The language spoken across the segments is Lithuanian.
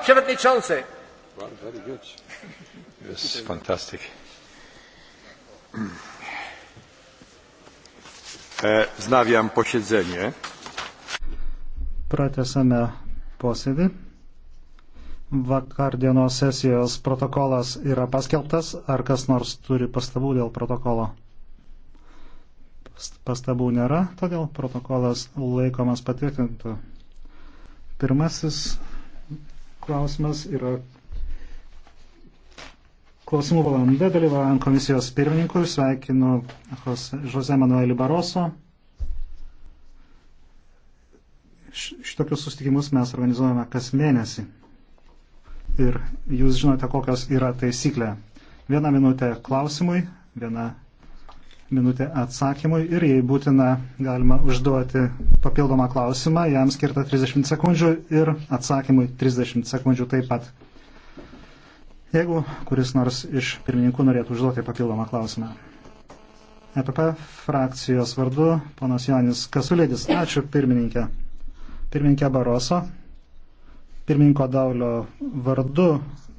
Pan Przewodniczący. Well, very good. Yes, fantastic. E, Znawiam posiedzenie. Pratesame posėdį. Vakar dienos sesijos protokolas yra paskelbtas. Ar kas nors turi pastabų dėl protokolo? Pastabų nėra, todėl protokolas laikomas patvirtintų. Pirmasis klausimas yra klausimų valanda, dalyvaujant komisijos pirmininkui, sveikinu Jose Manuelį Baroso. Šitokius sustikimus mes organizuojame kas mėnesį. Ir jūs žinote, kokios yra taisyklė. Viena minutė klausimui, viena minutė atsakymui ir jei būtina, galima užduoti papildomą klausimą, jam skirta 30 sekundžių ir atsakymui 30 sekundžių taip pat. Jeigu kuris nors iš pirmininkų norėtų užduoti papildomą klausimą. EPP frakcijos vardu ponas Jonis Kasulėdis. Ačiū pirmininkė. Pirmininkė Baroso. Pirmininko Daulio vardu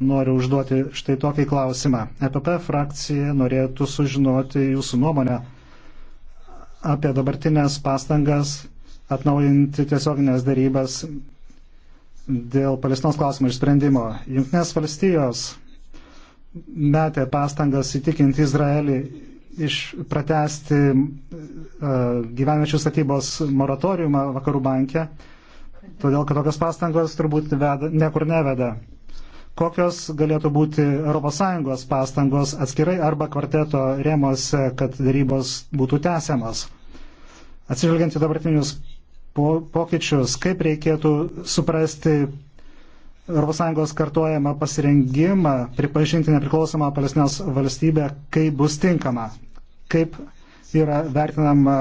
noriu užduoti štai tokį klausimą. EPP frakcija norėtų sužinoti jūsų nuomonę apie dabartinės pastangas atnaujinti tiesioginės darybas dėl Palestinos klausimo išsprendimo. Junktinės valstijos metė pastangas įtikinti Izraelį iš pratesti uh, gyvenviečių statybos moratoriumą Vakarų banke, todėl kad tokios pastangos turbūt veda, niekur neveda. Kokios galėtų būti ES pastangos atskirai arba kvarteto rėmose, kad darybos būtų tęsiamas? Atsižvelgiant į dabartinius po, pokyčius, kaip reikėtų suprasti ES kartuojamą pasirengimą pripažinti nepriklausomą Palestinos valstybę, kai bus tinkama, kaip yra vertinama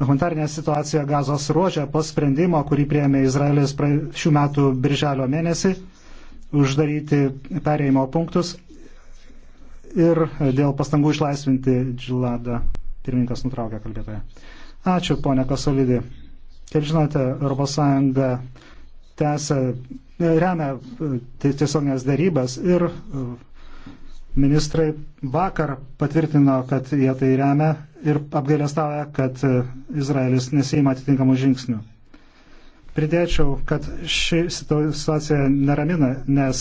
humanitarinė situacija gazos ruožė po sprendimo, kurį prieėmė Izraelis šių metų birželio mėnesį uždaryti perėjimo punktus ir dėl pastangų išlaisvinti Džiladą. Pirmininkas nutraukė kalbėtoje. Ačiū, ponė Kasolidė. Kaip žinote, ES tęsia, e, remia e, tiesioginės darybas ir e, ministrai vakar patvirtino, kad jie tai remia ir apgailestavoja, kad Izraelis nesima atitinkamų žingsnių. Pridėčiau, kad ši situacija neramina, nes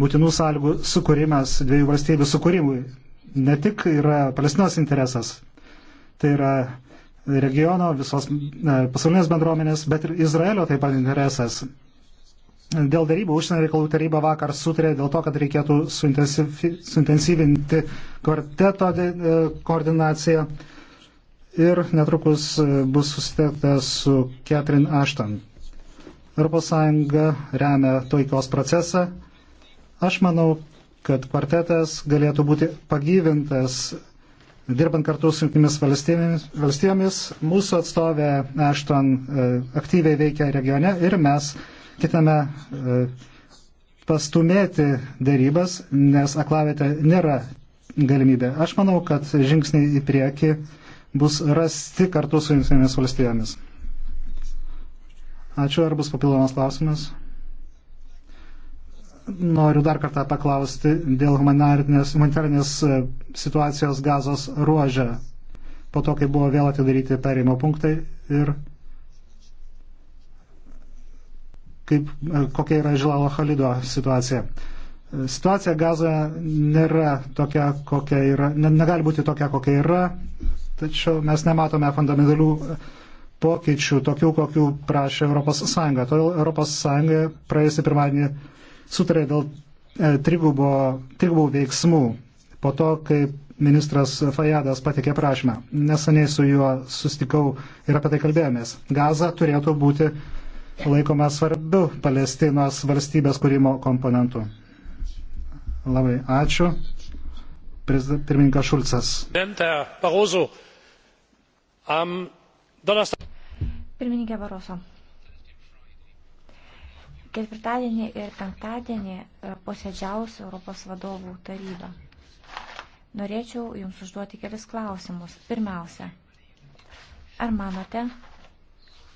būtinų sąlygų sukūrimas dviejų valstybių sukūrimui ne tik yra Palestinos interesas, tai yra regiono, visos e, pasaulinės bendruomenės, bet ir Izraelio taip pat interesas. Dėl darybų užsienio reikalų taryba vakar sutarė dėl to, kad reikėtų suintensyvinti kvarteto e, koordinaciją ir netrukus e, bus susitikta su Catherine Ashton. ES remia taikos procesą. Aš manau, kad kvartetas galėtų būti pagyvintas, dirbant kartu su jungtimis valstybėmis, valstybėmis. Mūsų atstovė Ashton e, aktyviai veikia regione ir mes kitame e, pastumėti dėrybas, nes aklavėte nėra galimybė. Aš manau, kad žingsniai į priekį bus rasti kartu su jungtinėmis valstybėmis. Ačiū, ar bus papildomas klausimas? Noriu dar kartą paklausti dėl humanitarinės e, situacijos gazos ruožę. Po to, kai buvo vėl atidaryti perėjimo punktai ir kaip, e, kokia yra Žilalo Halido situacija. E, situacija gazoje nėra tokia, kokia yra, ne, negali būti tokia, kokia yra, tačiau mes nematome fundamentalių pokyčių, tokių, kokių prašė ES. Todėl ES praėjusį pirmadienį sutarė dėl e, trigubo, trigubų veiksmų po to, kai ministras Fajadas patikė prašymą. Neseniai su juo sustikau ir apie tai kalbėjomės. Gaza turėtų būti laikoma svarbiu Palestinos valstybės kūrimo komponentu. Labai ačiū. Pirmininkas Šulcas. Presidente Barroso, am Pirmininkė Baroso. Ketvirtadienį ir penktadienį e, posėdžiaus Europos vadovų taryba. Norėčiau Jums užduoti kelis klausimus. Pirmiausia, ar manote,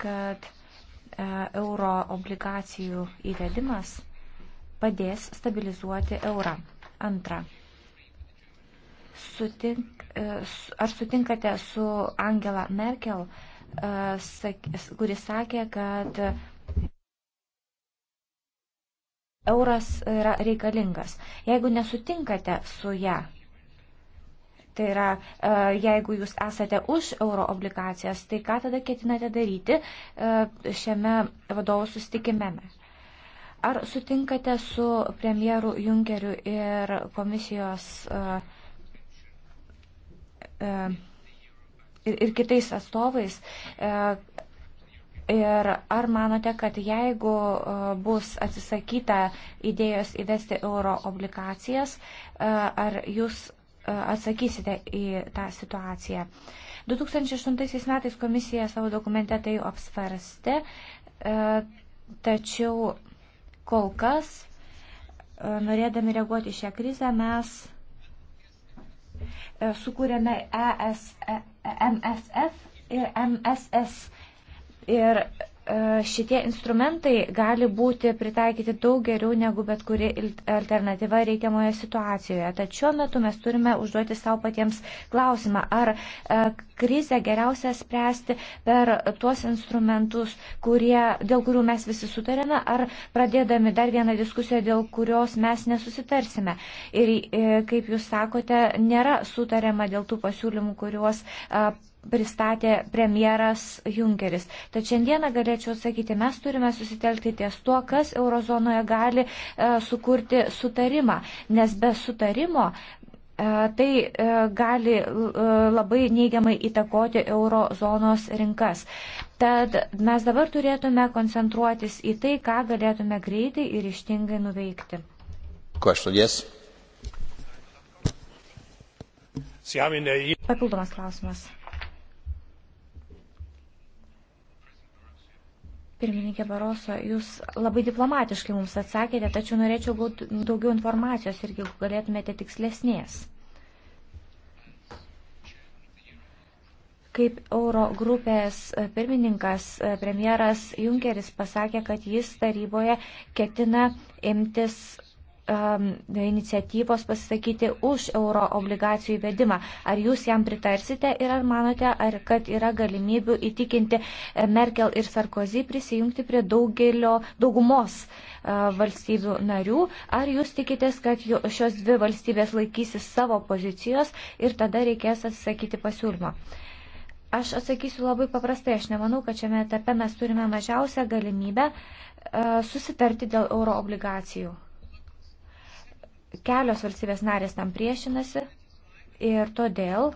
kad e, euro obligacijų įvedimas padės stabilizuoti eurą? Antra, sutink, e, ar sutinkate su Angela Merkel? kuris sakė, kad euras yra reikalingas. Jeigu nesutinkate su ją, tai yra, jeigu jūs esate už euro obligacijas, tai ką tada ketinate daryti šiame vadovų sustikime? Ar sutinkate su premjeru Junkeriu ir komisijos uh, uh, ir, ir kitais atstovais. E, ir ar manote, kad jeigu e, bus atsisakyta idėjos įvesti euro obligacijas, e, ar jūs atsakysite į tą situaciją? 2008 metais komisija savo dokumente tai apsvarstė, tačiau kol kas, norėdami reaguoti šią krizę, mes sukūrėme ESE MSF ir MSS. Ir E, šitie instrumentai gali būti pritaikyti daug geriau negu bet kuri alternatyva reikiamoje situacijoje. Tačiau šiuo metu mes turime užduoti savo patiems klausimą, ar e, krizę geriausia spręsti per tuos instrumentus, kurie, dėl kurių mes visi sutarėme, ar pradėdami dar vieną diskusiją, dėl kurios mes nesusitarsime. Ir e, kaip jūs sakote, nėra sutarėma dėl tų pasiūlymų, kuriuos pristatė premjeras Junkeris. Tad šiandieną galėčiau sakyti, mes turime susitelkti ties tuo, kas eurozonoje gali e, sukurti sutarimą, nes be sutarimo e, tai e, gali e, labai neigiamai įtakoti eurozonos rinkas. Tad mes dabar turėtume koncentruotis į tai, ką galėtume greitai ir ištingai nuveikti. Yes. Papildomas klausimas. Pirmininkė Baroso, jūs labai diplomatiškai mums atsakėte, tačiau norėčiau gauti daugiau informacijos ir jeigu galėtumėte tikslesnės. Kaip euro grupės e, pirmininkas, e, premjeras Junkeris pasakė, kad jis taryboje ketina imtis um, iniciatyvos pasisakyti už euro obligacijų įvedimą. Ar jūs jam pritarsite ir ar manote, ar kad yra galimybių įtikinti eh, Merkel ir Sarkozy prisijungti prie daugelio, daugumos uh, valstybių narių? Ar jūs tikitės, kad šios dvi valstybės laikysis savo pozicijos ir tada reikės atsisakyti pasiūlymo? Aš atsakysiu labai paprastai, aš nemanau, kad šiame etape mes turime mažiausią galimybę uh, susitarti dėl euro obligacijų kelios valstybės narės tam priešinasi ir todėl,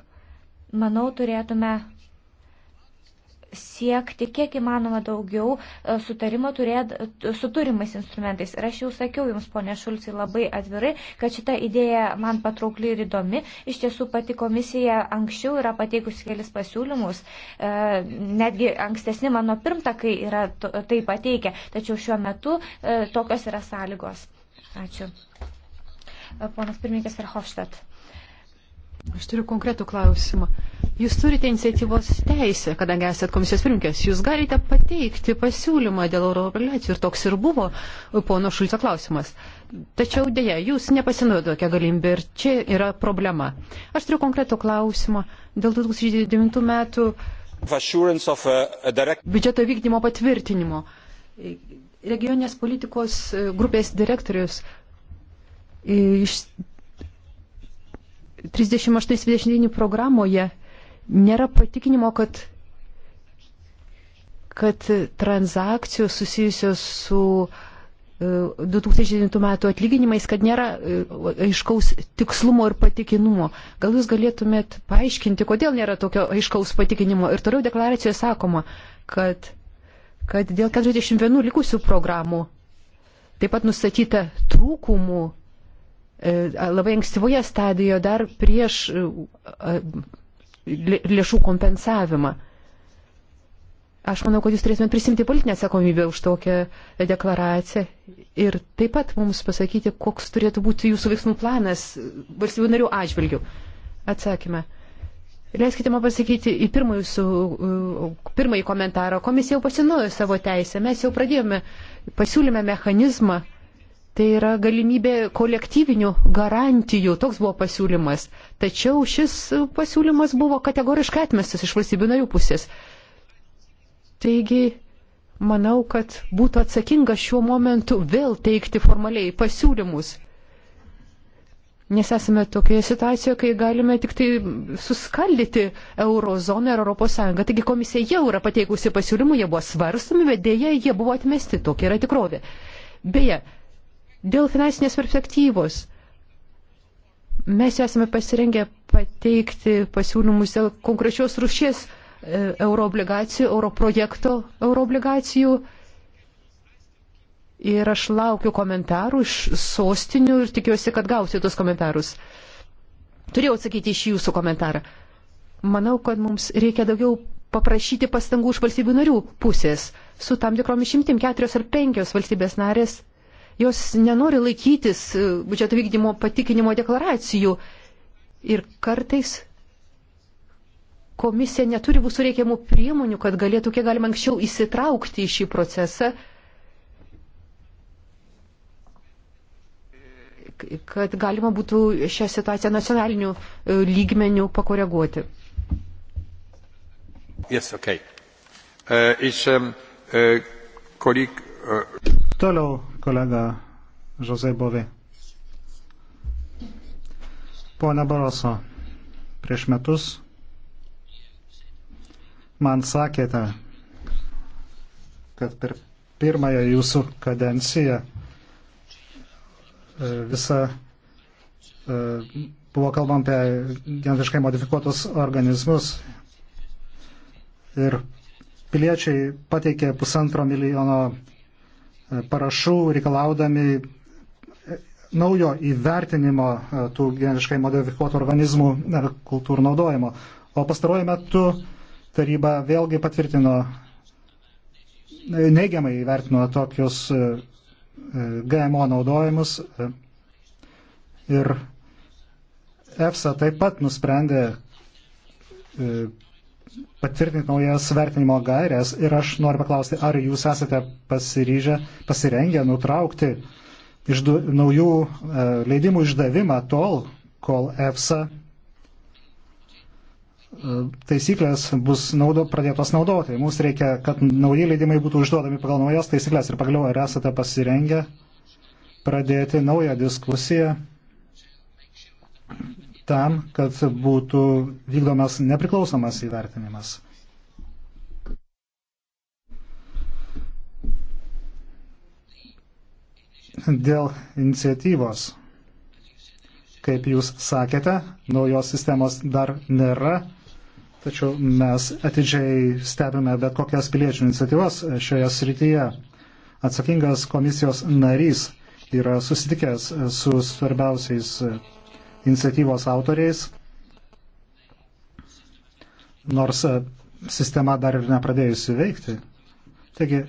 manau, turėtume siekti kiek įmanoma daugiau e, sutarimo turėt, su turimais instrumentais. Ir aš jau sakiau Jums, ponė Šulcai, labai atvirai, kad šita idėja man patraukli ir įdomi. Iš tiesų pati komisija anksčiau yra pateikusi kelis pasiūlymus, e, netgi ankstesni mano pirmtakai yra tai pateikę, tačiau šiuo metu e, tokios yra sąlygos. Ačiū ponas pirmininkas Verhofstadt. Aš turiu konkretų klausimą. Jūs turite iniciatyvos teisę, kadangi esate komisijos pirmininkės, jūs galite pateikti pasiūlymą dėl euro obligacijų ir toks ir buvo pono Šulco klausimas. Tačiau dėja, jūs nepasinaudote tokią galimybę ir čia yra problema. Aš turiu konkretų klausimą dėl 2009 metų uh, biudžeto vykdymo patvirtinimo. Regioninės politikos e, grupės direktorius 38-29 programoje nėra patikinimo, kad, kad transakcijos susijusios su 2009 e, metų atlyginimais, kad nėra e, aiškaus tikslumo ir patikinumo. Gal jūs galėtumėt paaiškinti, kodėl nėra tokio aiškaus patikinimo? Ir toliau deklaracijoje sakoma, kad, kad dėl 41 likusių programų taip pat nustatyta trūkumų E, labai ankstyvoje stadijoje dar prieš e, lėšų kompensavimą. Aš manau, kad jūs turėtumėte prisimti politinę atsakomybę už tokią deklaraciją ir taip pat mums pasakyti, koks turėtų būti jūsų veiksmų planas valstybių narių atžvilgių. Atsakymą. Leiskite man pasakyti į pirmąjį, su, pirmąjį komentarą. Komisija jau pasinaujo savo teisę. Mes jau pradėjome, pasiūlėme mechanizmą Tai yra galimybė kolektyvinių garantijų, toks buvo pasiūlymas. Tačiau šis pasiūlymas buvo kategoriškai atmestas iš valstybių narių pusės. Taigi, manau, kad būtų atsakinga šiuo momentu vėl teikti formaliai pasiūlymus. Nes esame tokioje situacijoje, kai galime tik tai suskaldyti eurozoną ir Europos Sąjungą. Taigi komisija jau yra pateikusi pasiūlymų, jie buvo svarstomi, bet dėja jie buvo atmesti. Tokia yra tikrovė. Beje, Dėl finansinės perspektyvos mes esame pasirengę pateikti pasiūlymus dėl konkrečios rušies e, euroobligacijų, europrojekto euroobligacijų. Ir aš laukiu komentarų iš sostinių ir tikiuosi, kad gausiu tos komentarus. Turėjau atsakyti iš jūsų komentarą. Manau, kad mums reikia daugiau paprašyti pastangų iš valstybių narių pusės. Su tam tikrom išimtim keturios ar penkios valstybės narės Jos nenori laikytis e, biudžeto vykdymo patikinimo deklaracijų ir kartais komisija neturi visų reikiamų priemonių, kad galėtų kiek galima anksčiau įsitraukti į šį procesą, kad galima būtų šią situaciją nacionaliniu e, lygmeniu pakoreguoti. Yes, okay. uh, is, um, uh, kolik, uh... Toliau kolega Jose Bovi. Pone Baroso, prieš metus man sakėte, kad per pirmąją jūsų kadenciją e, visa e, buvo kalbam apie genetiškai modifikuotus organizmus ir piliečiai pateikė pusantro milijono parašų reikalaudami naujo įvertinimo e, tų geniškai modifikuotų organizmų e, kultūrų naudojimo. O pastaruoju metu taryba vėlgi patvirtino, e, neigiamai įvertino tokius GMO naudojimus ir EFSA taip pat nusprendė patvirtinti naujas vertinimo gairias ir aš noriu paklausti, ar jūs esate pasiryžę, pasirengę nutraukti išdu, naujų e, leidimų išdavimą tol, kol EFSA e, taisyklės bus naudo, pradėtos naudoti. Mums reikia, kad nauji leidimai būtų užduodami pagal naujas taisyklės ir pagaliau ar esate pasirengę pradėti naują diskusiją tam, kad būtų vykdomas nepriklausomas įvertinimas. Dėl iniciatyvos, kaip jūs sakėte, naujos sistemos dar nėra, tačiau mes atidžiai stebime bet kokias piliečių iniciatyvas šioje srityje. Atsakingas komisijos narys yra susitikęs su svarbiausiais iniciatyvos autoriais, nors e, sistema dar ir nepradėjusi veikti. Taigi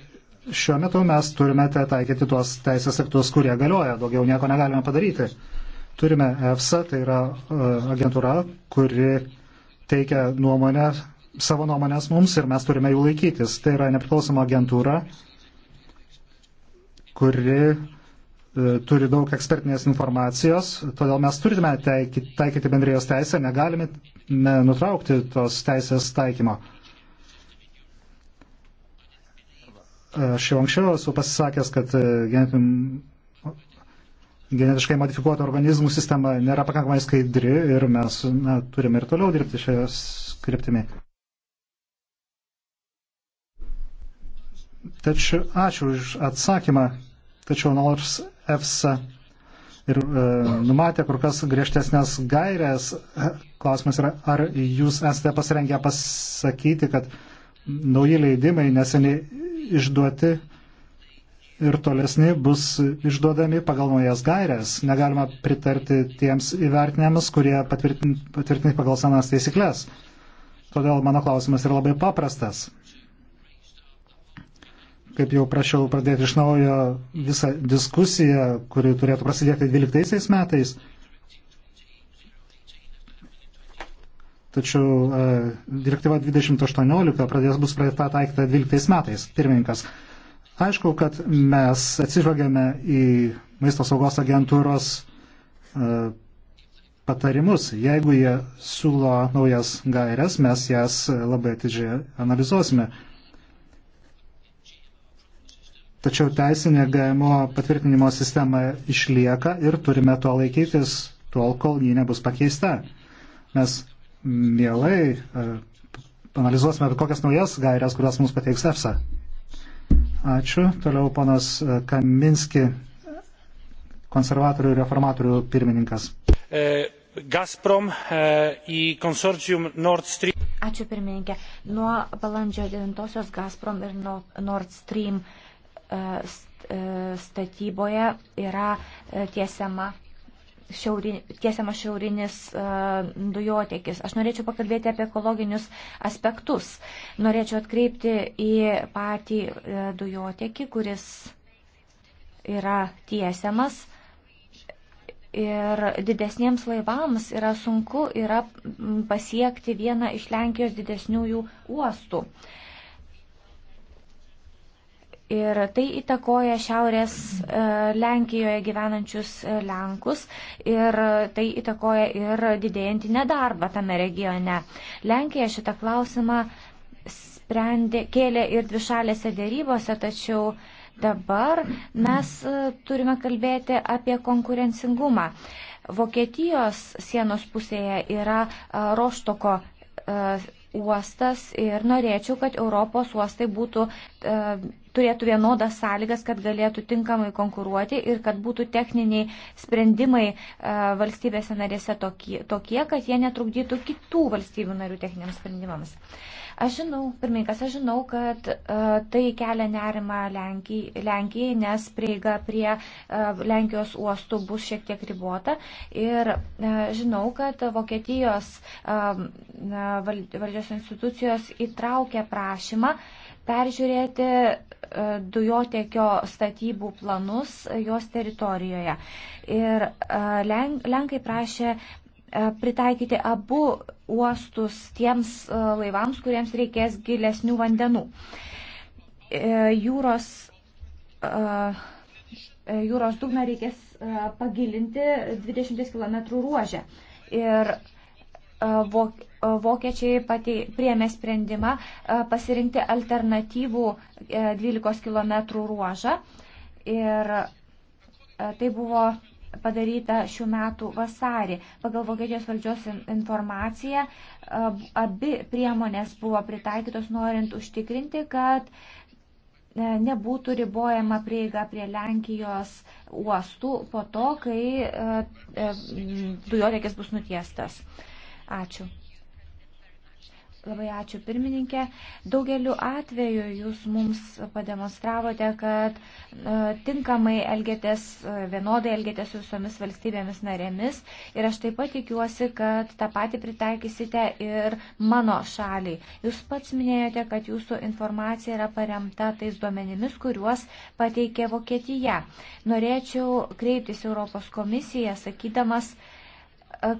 šiuo metu mes turime taikyti tuos teisės aktus, kurie galioja, daugiau nieko negalime padaryti. Turime EFSA, tai yra e, agentūra, kuri teikia nuomonę, savo nuomonės mums ir mes turime jų laikytis. Tai yra nepriklausoma agentūra, kuri turi daug ekspertinės informacijos, todėl mes turime taikyti bendrijos teisę, negalime nutraukti tos teisės taikymo. Aš jau anksčiau esu pasisakęs, kad e, genetiškai modifikuoto organizmų sistema nėra pakankamai skaidri ir mes na, turime ir toliau dirbti šios kryptimi. Tačiau ačiū už atsakymą. Tačiau nors EFSA ir e, numatė kur kas griežtesnės gairės, klausimas yra, ar jūs esate pasirengę pasakyti, kad nauji leidimai neseniai išduoti ir tolesni bus išduodami pagal naujas gairės. Negalima pritarti tiems įvertinėms, kurie patvirtinti pagal senas taisyklės. Todėl mano klausimas yra labai paprastas kaip jau prašiau, pradėti iš naujo visą diskusiją, kuri turėtų prasidėti 12 metais. Tačiau e, direktyva 2018 pradės bus pradėta taikyta 12 metais, pirmininkas. Aišku, kad mes atsižvelgiame į maisto saugos agentūros e, patarimus. Jeigu jie siūlo naujas gairias, mes jas labai atidžiai analizuosime. Tačiau teisinė GMO patvirtinimo sistema išlieka ir turime to laikytis tol, kol ji nebus pakeista. Mes mielai e, analizuosime kokias naujas gairias, kurias mums pateiks EFSA. Ačiū. Toliau ponas e, Kaminski, konservatorių ir reformatorių pirmininkas. E, Gazprom į konsorcium Nord Stream. Ačiū pirmininkė. Nuo balandžio 9-osios Gazprom ir Nord Stream uh, E, e, statyboje yra e, tiesiama šiaurin, tiesiama šiaurinis uh, dujotiekis. Aš norėčiau pakalbėti apie ekologinius aspektus. Norėčiau atkreipti į patį uh, dujotiekį, kuris yra tiesiamas. Ir didesniems laivams yra sunku yra pasiekti vieną iš Lenkijos didesniųjų uostų. Uh, Ir tai įtakoja Šiaurės e, Lenkijoje gyvenančius e, Lenkus ir tai įtakoja ir didėjantį nedarbą tame regione. Lenkija šitą klausimą sprendė, kėlė ir dvišalėse dėrybose, tačiau dabar mes e, turime kalbėti apie konkurencingumą. Vokietijos sienos pusėje yra Roštoko uostas ir norėčiau, kad Europos uostai būtų, e, turėtų vienodas sąlygas, kad galėtų tinkamai konkuruoti ir kad būtų techniniai sprendimai e, valstybėse narėse tokie, tokie, kad jie netrukdytų kitų valstybių narių techniniams sprendimams. E, Aš žinau, pirmininkas, aš žinau, kad uh, tai kelia nerima Lenkijai, Lenkijai, nes prieiga prie uh, Lenkijos uostų bus šiek tiek ribota. Ir uh, žinau, kad Vokietijos uh, valdžios institucijos įtraukė prašymą peržiūrėti uh, dujotiekio statybų planus jos teritorijoje. Ir uh, Lenkai prašė E, pritaikyti abu uostus tiems e, laivams, kuriems reikės gilesnių vandenų. E, jūros, jūros dugną reikės pagilinti 20 km ruožę. Ir vokiečiai priemė sprendimą pasirinkti alternatyvų 12 km ruožą. Ir tai buvo padaryta šių metų vasarį. Pagal Vokietijos valdžios informaciją abi priemonės buvo pritaikytos norint užtikrinti, kad e, nebūtų ribojama prieiga prie Lenkijos uostų po to, kai e, e, dujotekis bus nutiestas. Ačiū. Labai ačiū pirmininkė. Daugeliu atveju jūs mums pademonstravote, kad e, tinkamai elgėtės, e, vienodai elgėtės su visomis valstybėmis narėmis ir aš taip pat tikiuosi, kad tą patį pritaikysite ir mano šaliai. Jūs pats minėjote, kad jūsų informacija yra paremta tais duomenimis, kuriuos pateikė Vokietija. Norėčiau kreiptis Europos komisiją, sakydamas, kad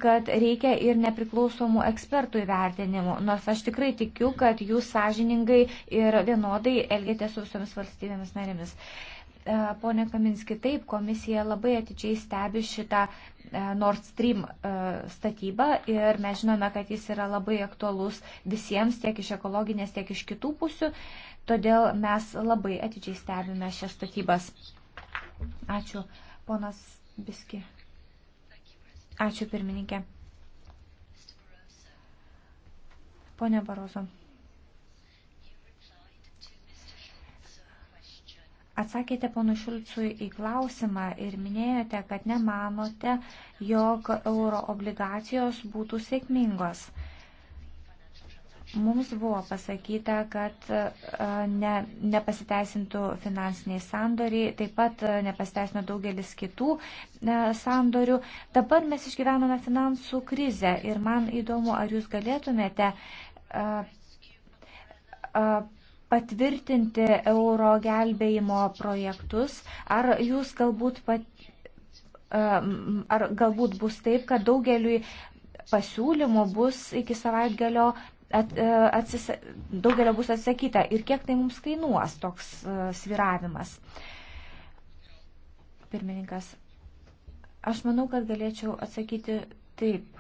kad reikia ir nepriklausomų ekspertų įvertinimų, nors aš tikrai tikiu, kad jūs sąžiningai ir vienodai elgėte su visomis valstybėmis narėmis. E, pone Kaminski, taip, komisija labai atidžiai stebi šitą e, Nord Stream e, statybą ir mes žinome, kad jis yra labai aktualus visiems, tiek iš ekologinės, tiek iš kitų pusių, todėl mes labai atidžiai stebime šias statybas. Ačiū, ponas Biski. Ačiū pirmininkė. Pone Barozo. Atsakėte ponu Šulcui į klausimą ir minėjote, kad nemanote, jog euro obligacijos būtų sėkmingos. Mums buvo pasakyta, kad e, ne, nepasiteisintų finansiniai sandoriai, taip pat e, nepasiteisino daugelis kitų e, sandorių. Dabar mes išgyvename finansų krizę ir man įdomu, ar jūs galėtumėte patvirtinti euro gelbėjimo projektus, ar jūs galbūt, pat, ar galbūt bus taip, kad daugeliui pasiūlymų bus iki savaitgalio at, e, atsisa, daugelio bus atsakyta ir kiek tai mums kainuos toks uh, sviravimas. Pirmininkas, aš manau, kad galėčiau atsakyti taip.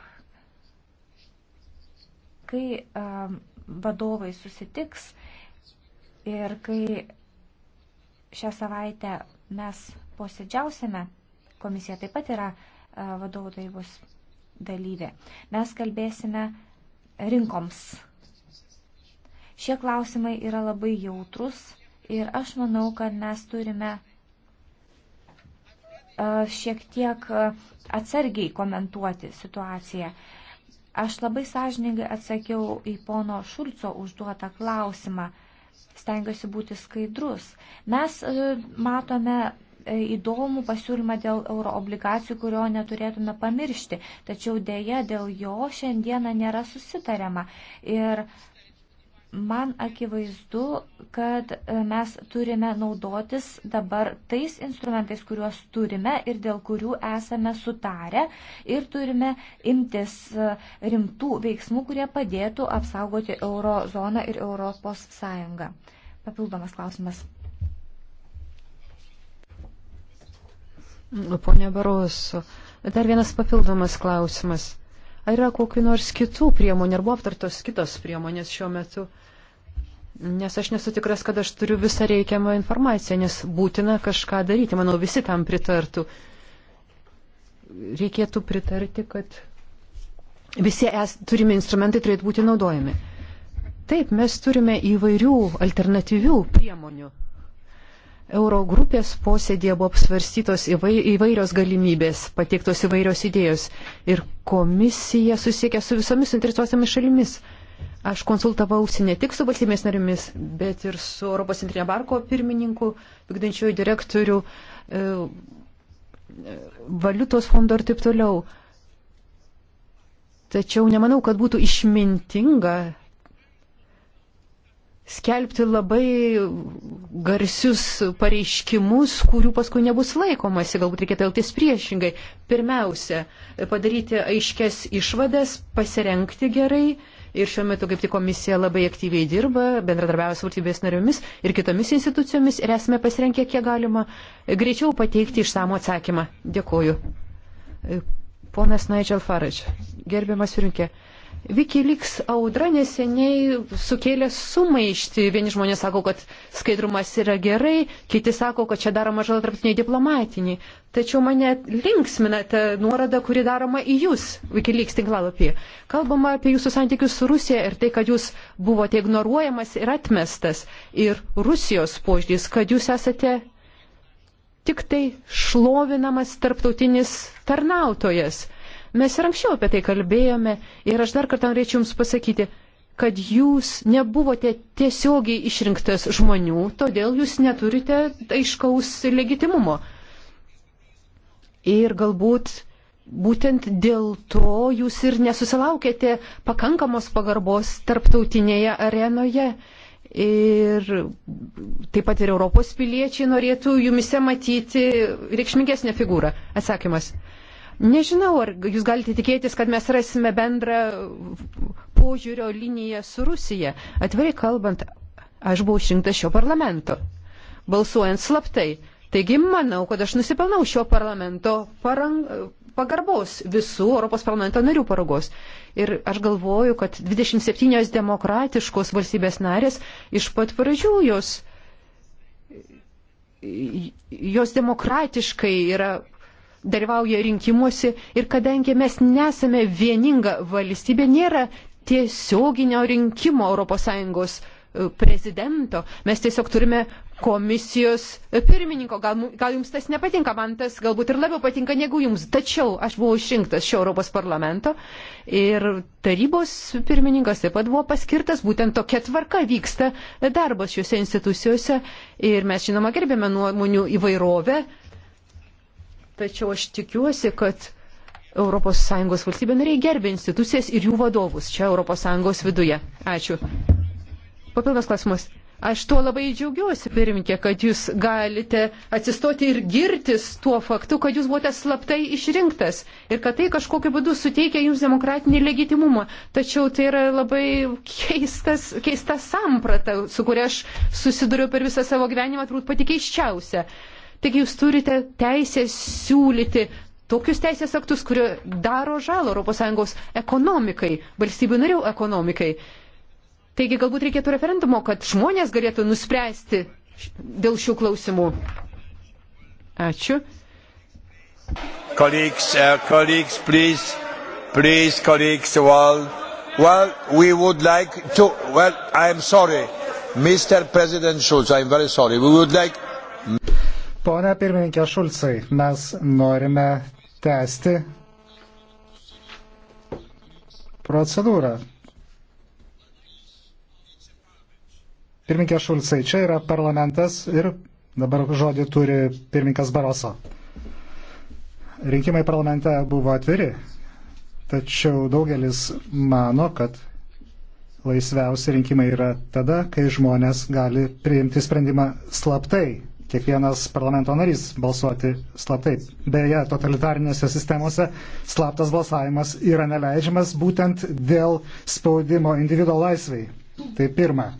Kai uh, vadovai susitiks ir kai šią savaitę mes posėdžiausime, komisija taip pat yra uh, vadovų tarybos dalyvė, mes kalbėsime uh, rinkoms. Šie klausimai yra labai jautrus ir aš manau, kad mes turime e, šiek tiek e, atsargiai komentuoti situaciją. Aš labai sąžiningai atsakiau į pono Šulco užduotą klausimą. Stengiuosi būti skaidrus. Mes e, matome E, įdomų pasiūlymą dėl euroobligacijų, kurio neturėtume pamiršti. Tačiau dėja dėl jo šiandieną nėra susitariama. Ir man akivaizdu, kad e, mes turime naudotis dabar tais instrumentais, kuriuos turime ir dėl kurių esame sutarę ir turime imtis e, rimtų veiksmų, kurie padėtų apsaugoti eurozoną ir Europos Sąjungą. Papildomas klausimas. Pone Baroso, dar vienas papildomas klausimas. Ar yra kokiu nors kitų priemonių, ar buvo aptartos kitos priemonės šiuo metu? Nes aš nesu tikras, kad aš turiu visą reikiamą informaciją, nes būtina kažką daryti. Manau, visi tam pritartų. Reikėtų pritarti, kad visi es, turime instrumentai turėtų būti naudojami. Taip, mes turime įvairių alternatyvių priemonių. Eurogrupės posėdėje buvo apsvarstytos įvairios galimybės, pateiktos įvairios idėjos ir komisija susiekė su visomis suinteresuosiamis šalimis. Aš konsultavausi ne tik su valstybės narimis, bet ir su Europos centrinio barko pirmininku, vykdančiųjų direktorių, e, valiutos fondo ir taip toliau. Tačiau nemanau, kad būtų išmintinga skelbti labai garsius pareiškimus, kurių paskui nebus laikomasi, galbūt reikėtų elgtis priešingai. Pirmiausia, padaryti aiškes išvadas, pasirenkti gerai. Ir šiuo metu kaip tik komisija labai aktyviai dirba, bendradarbiavęs valstybės narėmis ir kitomis institucijomis ir esame pasirenkę kiek galima greičiau pateikti išsamų atsakymą. Dėkuoju. Ponas Nigel Farage, gerbiamas rinkė. Vikiliks audra neseniai sukėlė sumaišti. Vieni žmonės sako, kad skaidrumas yra gerai, kiti sako, kad čia daroma žala tarptautiniai diplomatiniai. Tačiau mane linksmina ta nuorada, kuri daroma į jūs, Vikiliks tinklalapyje. Kalbama apie jūsų santykius su Rusija ir tai, kad jūs buvote ignoruojamas ir atmestas. Ir Rusijos požiūris, kad jūs esate tik tai šlovinamas tarptautinis tarnautojas Mes ir anksčiau apie tai kalbėjome ir aš dar kartą norėčiau Jums pasakyti, kad jūs nebuvote tiesiogiai išrinktas žmonių, todėl jūs neturite aiškaus legitimumo. Ir galbūt būtent dėl to jūs ir nesusilaukėte pakankamos pagarbos tarptautinėje arenoje. Ir taip pat ir Europos piliečiai norėtų jumise matyti reikšmingesnę figūrą. Atsakymas. Nežinau, ar jūs galite tikėtis, kad mes rasime bendrą požiūrio liniją su Rusija. Atvirai kalbant, aš buvau išrinktas šio parlamento, balsuojant slaptai. Taigi manau, kad aš nusipelnau šio parlamento parang, pagarbos, visų Europos parlamento narių paragos. Ir aš galvoju, kad 27 demokratiškos valstybės narės iš pat pradžių jos, jos demokratiškai yra dalyvauja rinkimuose ir kadangi mes nesame vieninga valstybė, nėra tiesioginio rinkimo ES e, prezidento, mes tiesiog turime komisijos e, pirmininko, gal, gal jums tas nepatinka, man tas galbūt ir labiau patinka negu jums, tačiau aš buvau išrinktas šio Europos parlamento ir tarybos pirmininkas taip pat buvo paskirtas, būtent tokia tvarka vyksta darbas šiuose institucijose ir mes žinoma gerbėme nuomonių įvairovę, Tačiau aš tikiuosi, kad ES valstybė nariai gerbė institucijas ir jų vadovus čia ES viduje. Ačiū. Papildomas klausimas. Aš tuo labai džiaugiuosi, pirminkė, kad jūs galite atsistoti ir girtis tuo faktu, kad jūs buvote slaptai išrinktas ir kad tai kažkokiu būdu suteikia jums demokratinį legitimumą. Tačiau tai yra labai keistas, keista samprata, su kuria aš susiduriu per visą savo gyvenimą, turbūt pati keiščiausia. Taigi jūs turite teisę siūlyti tokius teisės aktus, kurie daro žalą ES ekonomikai, valstybių narių ekonomikai. Taigi galbūt reikėtų referendumo, kad žmonės galėtų nuspręsti dėl šių klausimų. Ačiū. Colleagues, uh, colleagues, please, please, colleagues, well, well, we would like to, well, I am sorry, Mr. President Schulz, I am very sorry, we would like Pone pirmininkė Šulcai, mes norime tęsti procedūrą. Pirmininkė Šulcai, čia yra parlamentas ir dabar žodį turi pirmininkas Baroso. Rinkimai parlamente buvo atviri, tačiau daugelis mano, kad laisviausi rinkimai yra tada, kai žmonės gali priimti sprendimą slaptai kiekvienas parlamento narys balsuoti slaptai. Beje, totalitarinėse sistemose slaptas balsavimas yra neleidžiamas būtent dėl spaudimo individuo laisvai. Tai pirma.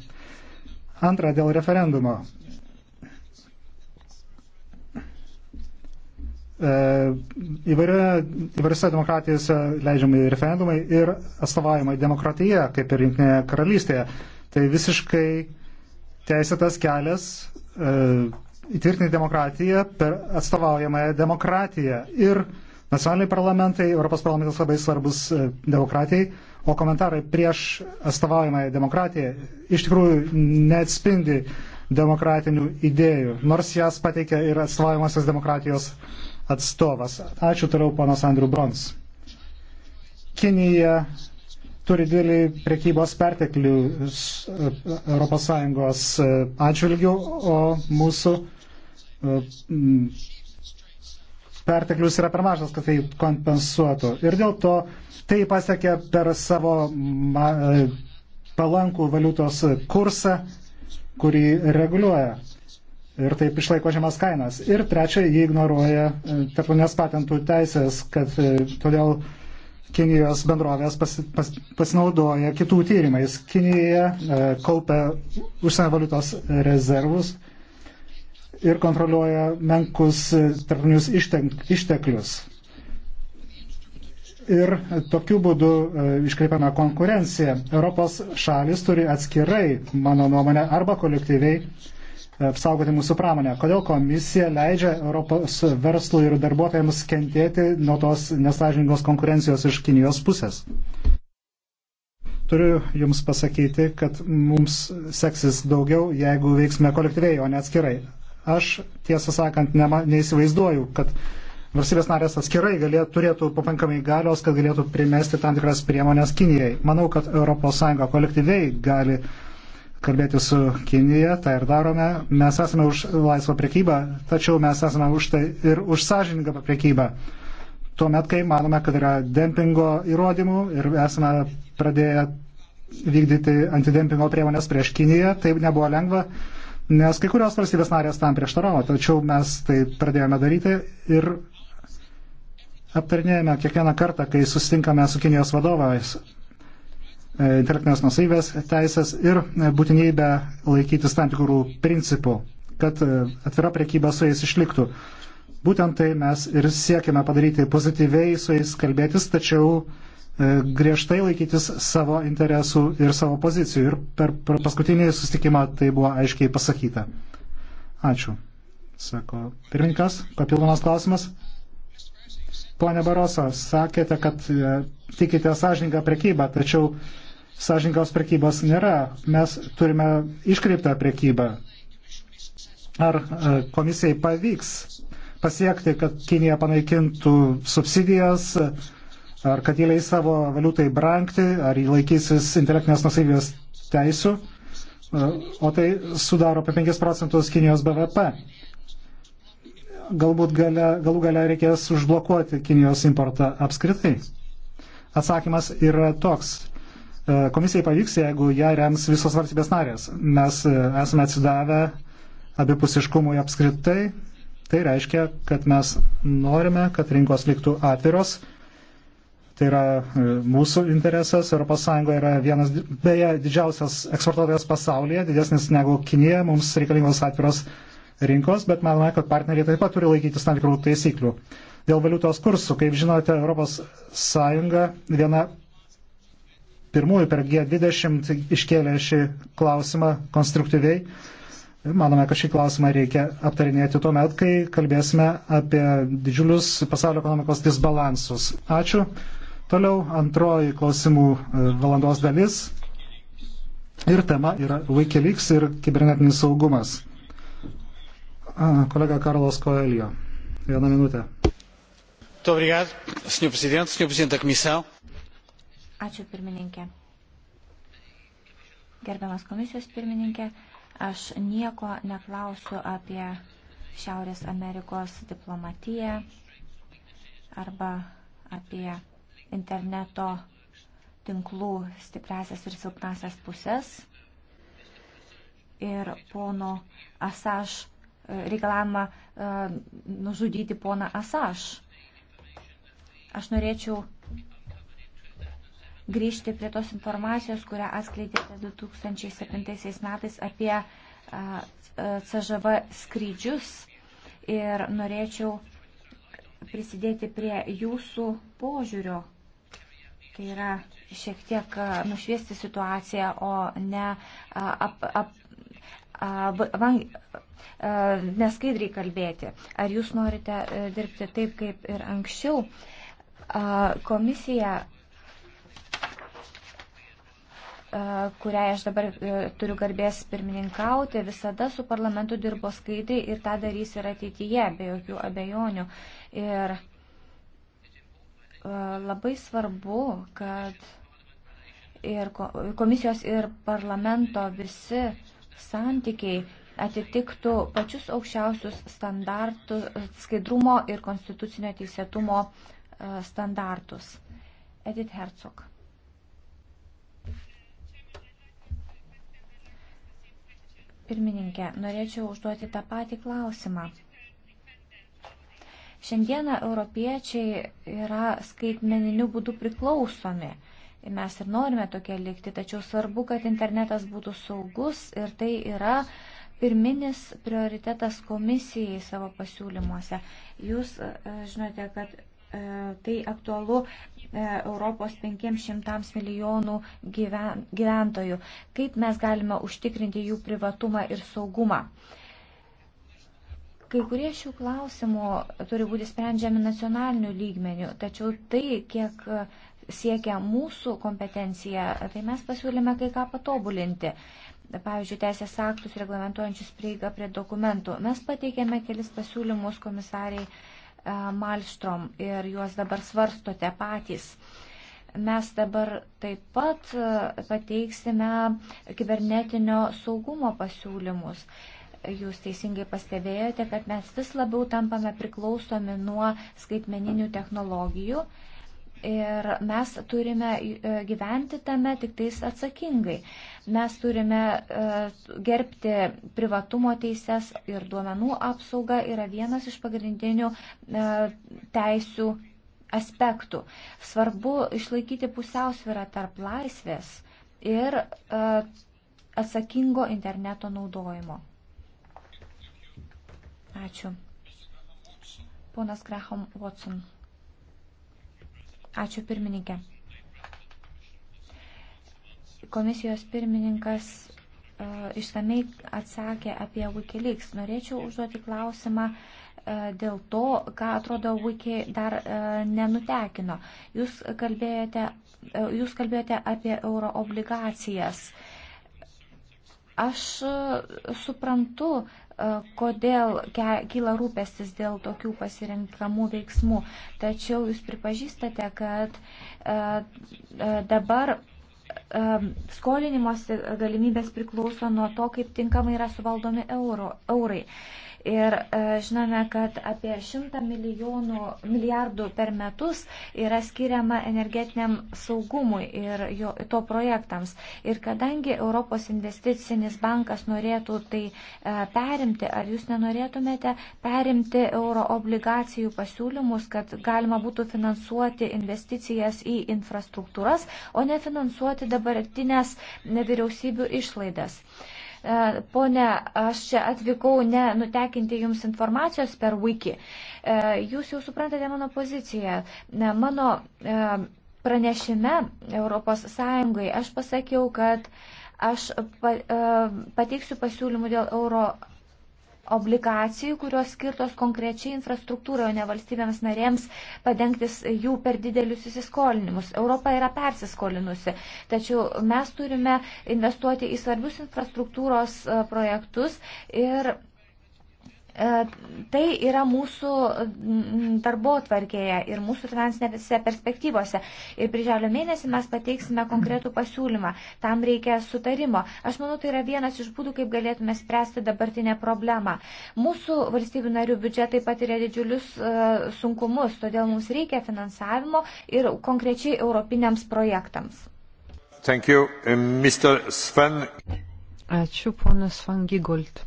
Antra, dėl referendumo. E, įvairiose demokratijose leidžiami referendumai ir atstovavimai demokratija, kaip ir Junktinėje karalystėje. Tai visiškai teisėtas kelias e, įtvirtinti demokratiją per atstovaujamąją demokratiją. Ir nacionaliniai parlamentai, Europos parlamentas labai svarbus e, demokratijai, o komentarai prieš atstovaujamąją demokratiją iš tikrųjų neatspindi demokratinių idėjų, nors jas pateikia ir atstovaujamosios demokratijos atstovas. Ačiū toliau, ponas Andriu Brons. Kinija turi didelį prekybos perteklių ES e, e, atžvilgių, o mūsų E, perteklius yra per mažas, kad tai kompensuotų. Ir dėl to tai pasiekė per savo e, palankų valiutos kursą, kurį reguliuoja. Ir taip išlaiko žemas kainas. Ir trečia, jį ignoruoja e, tarptautinės patentų teisės, kad todėl Kinijos bendrovės pas, pas, pasinaudoja kitų tyrimais. Kinija e, kaupia užsienio valiutos rezervus ir kontroliuoja menkus e, tarptautinius išteklius. Ir tokiu būdu e, iškreipiama konkurencija. Europos šalis turi atskirai, mano nuomonė, arba kolektyviai apsaugoti e, mūsų pramonę. Kodėl komisija leidžia Europos verslui ir darbuotojams kentėti nuo tos nesažiningos konkurencijos iš Kinijos pusės? Turiu Jums pasakyti, kad mums seksis daugiau, jeigu veiksime kolektyviai, o ne atskirai. Aš, tiesą sakant, ne, neįsivaizduoju, kad valstybės narės atskirai galėtų, turėtų pakankamai galios, kad galėtų primesti tam tikras priemonės Kinijai. Manau, kad ES kolektyviai gali kalbėti su Kinija, tai ir darome. Mes esame už laisvą priekybą, tačiau mes esame už tai ir už sąžiningą priekybą. Tuomet, kai manome, kad yra dempingo įrodymų ir esame pradėję vykdyti antidempingo priemonės prieš Kiniją, tai nebuvo lengva nes kai kurios valstybės narės tam prieštaravo, tačiau mes tai pradėjome daryti ir aptarnėjame kiekvieną kartą, kai susitinkame su Kinijos vadovais e, intelektinės nusaivės teisės ir e, būtinybę laikytis tam tikrų principų, kad e, atvira priekyba su jais išliktų. Būtent tai mes ir siekime padaryti pozityviai su jais kalbėtis, tačiau E, griežtai laikytis savo interesų ir savo pozicijų. Ir per, per paskutinį susitikimą tai buvo aiškiai pasakyta. Ačiū. Sako pirmininkas, papildomas klausimas. Pone Baroso, sakėte, kad e, tikite sąžininką prekybą, tačiau sąžininkos prekybos nėra. Mes turime iškreiptą prekybą. Ar e, komisijai pavyks pasiekti, kad Kinija panaikintų subsidijas, ar kad jie leis savo valiutai brangti, ar jį laikysis intelektinės nusavybės teisų, e, o tai sudaro apie 5 procentus Kinijos BVP. Galbūt gale, galų gale reikės užblokuoti Kinijos importą apskritai. Atsakymas yra toks. E, komisijai pavyks, jeigu ją rems visos valstybės narės. Mes e, esame atsidavę abipusiškumui apskritai. Tai reiškia, kad mes norime, kad rinkos liktų atviros Tai yra e, mūsų interesas. ES yra vienas, beje, didžiausias eksportuotojas pasaulyje, didesnis negu Kinija. Mums reikalingos atviros rinkos, bet manome, kad partneriai taip pat turi laikytis tam tikrų taisyklių. Dėl valiutos kursų, kaip žinote, ES viena pirmųjų per G20 iškėlė šį klausimą konstruktyviai. Manome, kad šį klausimą reikia aptarinėti tuo met, kai kalbėsime apie didžiulius pasaulio ekonomikos disbalansus. Ačiū. Toliau antroji klausimų e, valandos dalis ir tema yra Wikileaks ir kibernetinis saugumas. A, kolega Karlos Koelio. Vieną minutę. Obrigado, senhor presidente, senhor presidente da comissão. Ačiū pirmininkė. Gerbiamas komisijos pirmininkė, aš nieko neklausiu apie Šiaurės Amerikos diplomatiją arba apie interneto tinklų stipresias ir silpnasias pusės. Ir pono Asaš e, reikalavimą e, nužudyti poną Asaš. Aš norėčiau grįžti prie tos informacijos, kurią atskleidėte 2007 metais apie CŽV skrydžius ir norėčiau prisidėti prie jūsų požiūrio Tai yra šiek tiek nušviesti situaciją, o ne ap, ap, van, neskaidriai kalbėti. Ar jūs norite e, dirbti taip, kaip ir anksčiau? Komisija, kuriai aš dabar e, turiu garbės pirmininkauti, visada su parlamentu dirbo skaidriai ir tą darys ir ateityje, be jokių abejonių. Ir labai svarbu, kad ir komisijos ir parlamento visi santykiai atitiktų pačius aukščiausius standartus, skaidrumo ir konstitucinio teisėtumo e, standartus. Edith Herzog. Pirmininkė, norėčiau užduoti tą patį klausimą. Šiandieną europiečiai yra skaitmeniniu būdu priklausomi. Mes ir norime tokie likti, tačiau svarbu, kad internetas būtų saugus ir tai yra pirminis prioritetas komisijai savo pasiūlymuose. Jūs e, e, žinote, kad e, tai aktualu Europos 500 milijonų gyventojų. Kaip mes galime užtikrinti jų privatumą ir saugumą? Kai kurie šių klausimų turi būti sprendžiami nacionaliniu lygmeniu, tačiau tai, kiek siekia mūsų kompetencija, tai mes pasiūlėme kai ką patobulinti. Pavyzdžiui, teisės aktus reglamentuojančius prieigą prie dokumentų. Mes pateikėme kelis pasiūlymus komisariai e, Malstrom ir juos dabar svarstote patys. Mes dabar taip pat e, pateiksime kibernetinio saugumo pasiūlymus jūs teisingai pastebėjote, kad mes vis labiau tampame priklausomi nuo skaitmeninių technologijų ir mes turime e, gyventi tame tik tais atsakingai. Mes turime e, gerbti privatumo teises ir duomenų apsauga yra vienas iš pagrindinių e, teisių aspektų. Svarbu išlaikyti pusiausvyrą tarp laisvės ir atsakingo interneto naudojimo. Ačiū. Ponas Graham Watson. Ačiū pirmininkė. Komisijos pirmininkas uh, išsamei atsakė apie Wikileaks. Norėčiau užduoti klausimą uh, dėl to, ką atrodo Wiki dar uh, nenutekino. Jūs kalbėjote, uh, jūs kalbėjote apie euro obligacijas. Aš uh, suprantu, uh, E, kodėl kyla rūpestis dėl tokių pasirinkamų veiksmų. Tačiau jūs pripažįstate, kad e, e, dabar skolinimosi galimybės priklauso nuo to, kaip tinkamai yra suvaldomi euro, eurai. Ir e, žinome, kad apie 100 milijonų, milijardų per metus yra skiriama energetiniam saugumui ir jo, to projektams. Ir kadangi Europos investicinis bankas norėtų tai e, perimti, ar jūs nenorėtumėte perimti euro obligacijų pasiūlymus, kad galima būtų finansuoti investicijas į infrastruktūras, o ne finansuoti dabartinės vyriausybių išlaidas? E, E, pone, aš čia atvykau ne nutekinti jums informacijos per wiki. E, jūs jau suprantate mano poziciją. E, mano pranešime ES aš pasakiau, kad aš pateiksiu pasiūlymų dėl euro obligacijų, kurios skirtos konkrečiai infrastruktūrai, o ne valstybėms narėms padengtis jų per didelius įsiskolinimus. Europa yra persiskolinusi, tačiau mes turime investuoti į svarbius infrastruktūros e, projektus ir E, tai yra mūsų darbo tvarkėje ir mūsų finansinėse perspektyvose. Ir birželio mėnesį mes pateiksime konkretų pasiūlymą. Tam reikia sutarimo. Aš manau, tai yra vienas iš būdų, kaip galėtume spręsti dabartinę problemą. Mūsų valstybių narių biudžetai patiria didžiulius e, sunkumus, todėl mums reikia finansavimo ir konkrečiai europiniams projektams. Thank you, Mr. Sven. Ačiū, ponas Van Gigolt.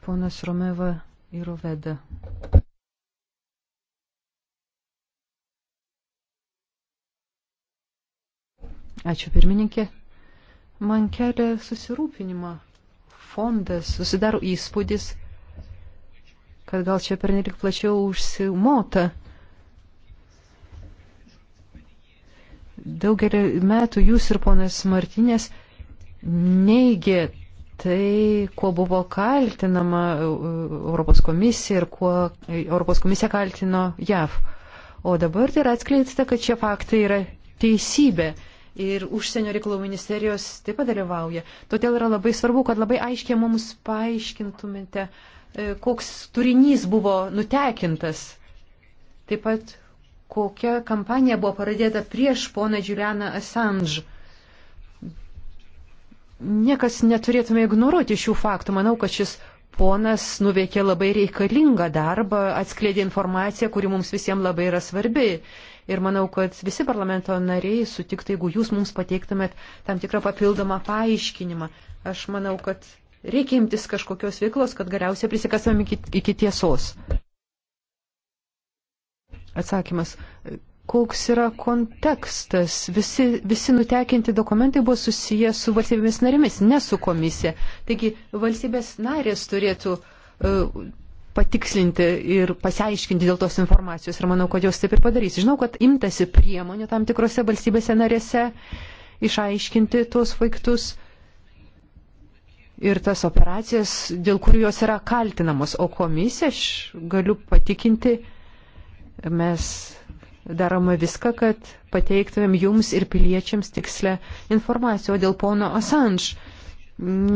Ponas Romeva ir Oveda. Ačiū pirmininkė. Man kelia susirūpinimą. Fondas susidaro įspūdis, kad gal čia pernelik plačiau užsimota. Daugelį metų jūs ir ponas Martinės neigė tai, kuo buvo kaltinama e, Europos komisija ir kuo e, Europos komisija kaltino JAV. O dabar tai yra atskleidsta, kad šie faktai yra teisybė. Ir užsienio reikalų ministerijos taip pat dalyvauja. Todėl yra labai svarbu, kad labai aiškiai mums paaiškintumėte, e, koks turinys buvo nutekintas. Taip pat kokia kampanija buvo pradėta prieš poną Julianą Assange niekas neturėtume ignoruoti šių faktų. Manau, kad šis ponas nuveikė labai reikalingą darbą, atskleidė informaciją, kuri mums visiems labai yra svarbi. Ir manau, kad visi parlamento nariai sutiktų, jeigu jūs mums pateiktumėt tam tikrą papildomą paaiškinimą. Aš manau, kad reikia imtis kažkokios veiklos, kad galiausiai prisikasam iki, iki tiesos. Atsakymas koks yra kontekstas. Visi, visi nutekinti dokumentai buvo susiję su valstybėmis narėmis, ne su komisija. Taigi valstybės narės turėtų uh, patikslinti ir pasiaiškinti dėl tos informacijos ir manau, kad jos taip ir padarys. Žinau, kad imtasi priemonių tam tikrose valstybėse narėse išaiškinti tuos vaiktus ir tas operacijas, dėl kurių jos yra kaltinamos. O komisija, aš galiu patikinti, mes daroma viską, kad pateiktumėm jums ir piliečiams tikslę informaciją. O dėl pono Assange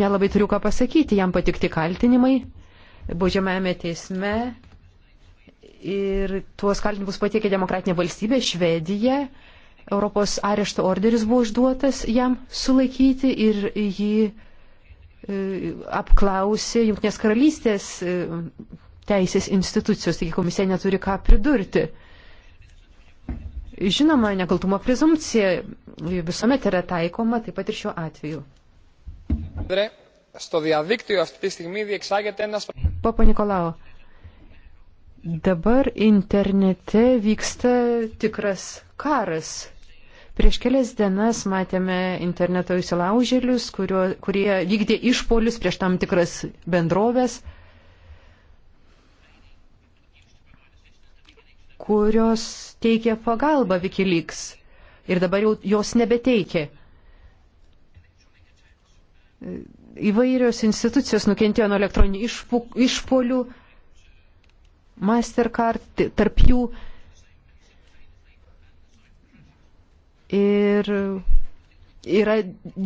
nelabai turiu ką pasakyti, jam patikti kaltinimai baudžiamame teisme ir tuos kaltinimus patiekė demokratinė valstybė Švedija. Europos arešto orderis buvo išduotas jam sulaikyti ir jį e, apklausė Junktinės karalystės e, teisės institucijos, taigi komisija neturi ką pridurti. Žinoma, nekaltumo prezumcija visuomet yra taikoma, taip pat ir šiuo atveju. Papa Nikolau, dabar internete vyksta tikras karas. Prieš kelias dienas matėme interneto įsilaužėlius, kurio, kurie vykdė išpolius prieš tam tikras bendrovės. kurios teikė pagalbą Wikileaks ir dabar jau jos nebeteikia. Įvairios institucijos nukentėjo nuo elektroninių išpolių, Mastercard tarp jų. Ir yra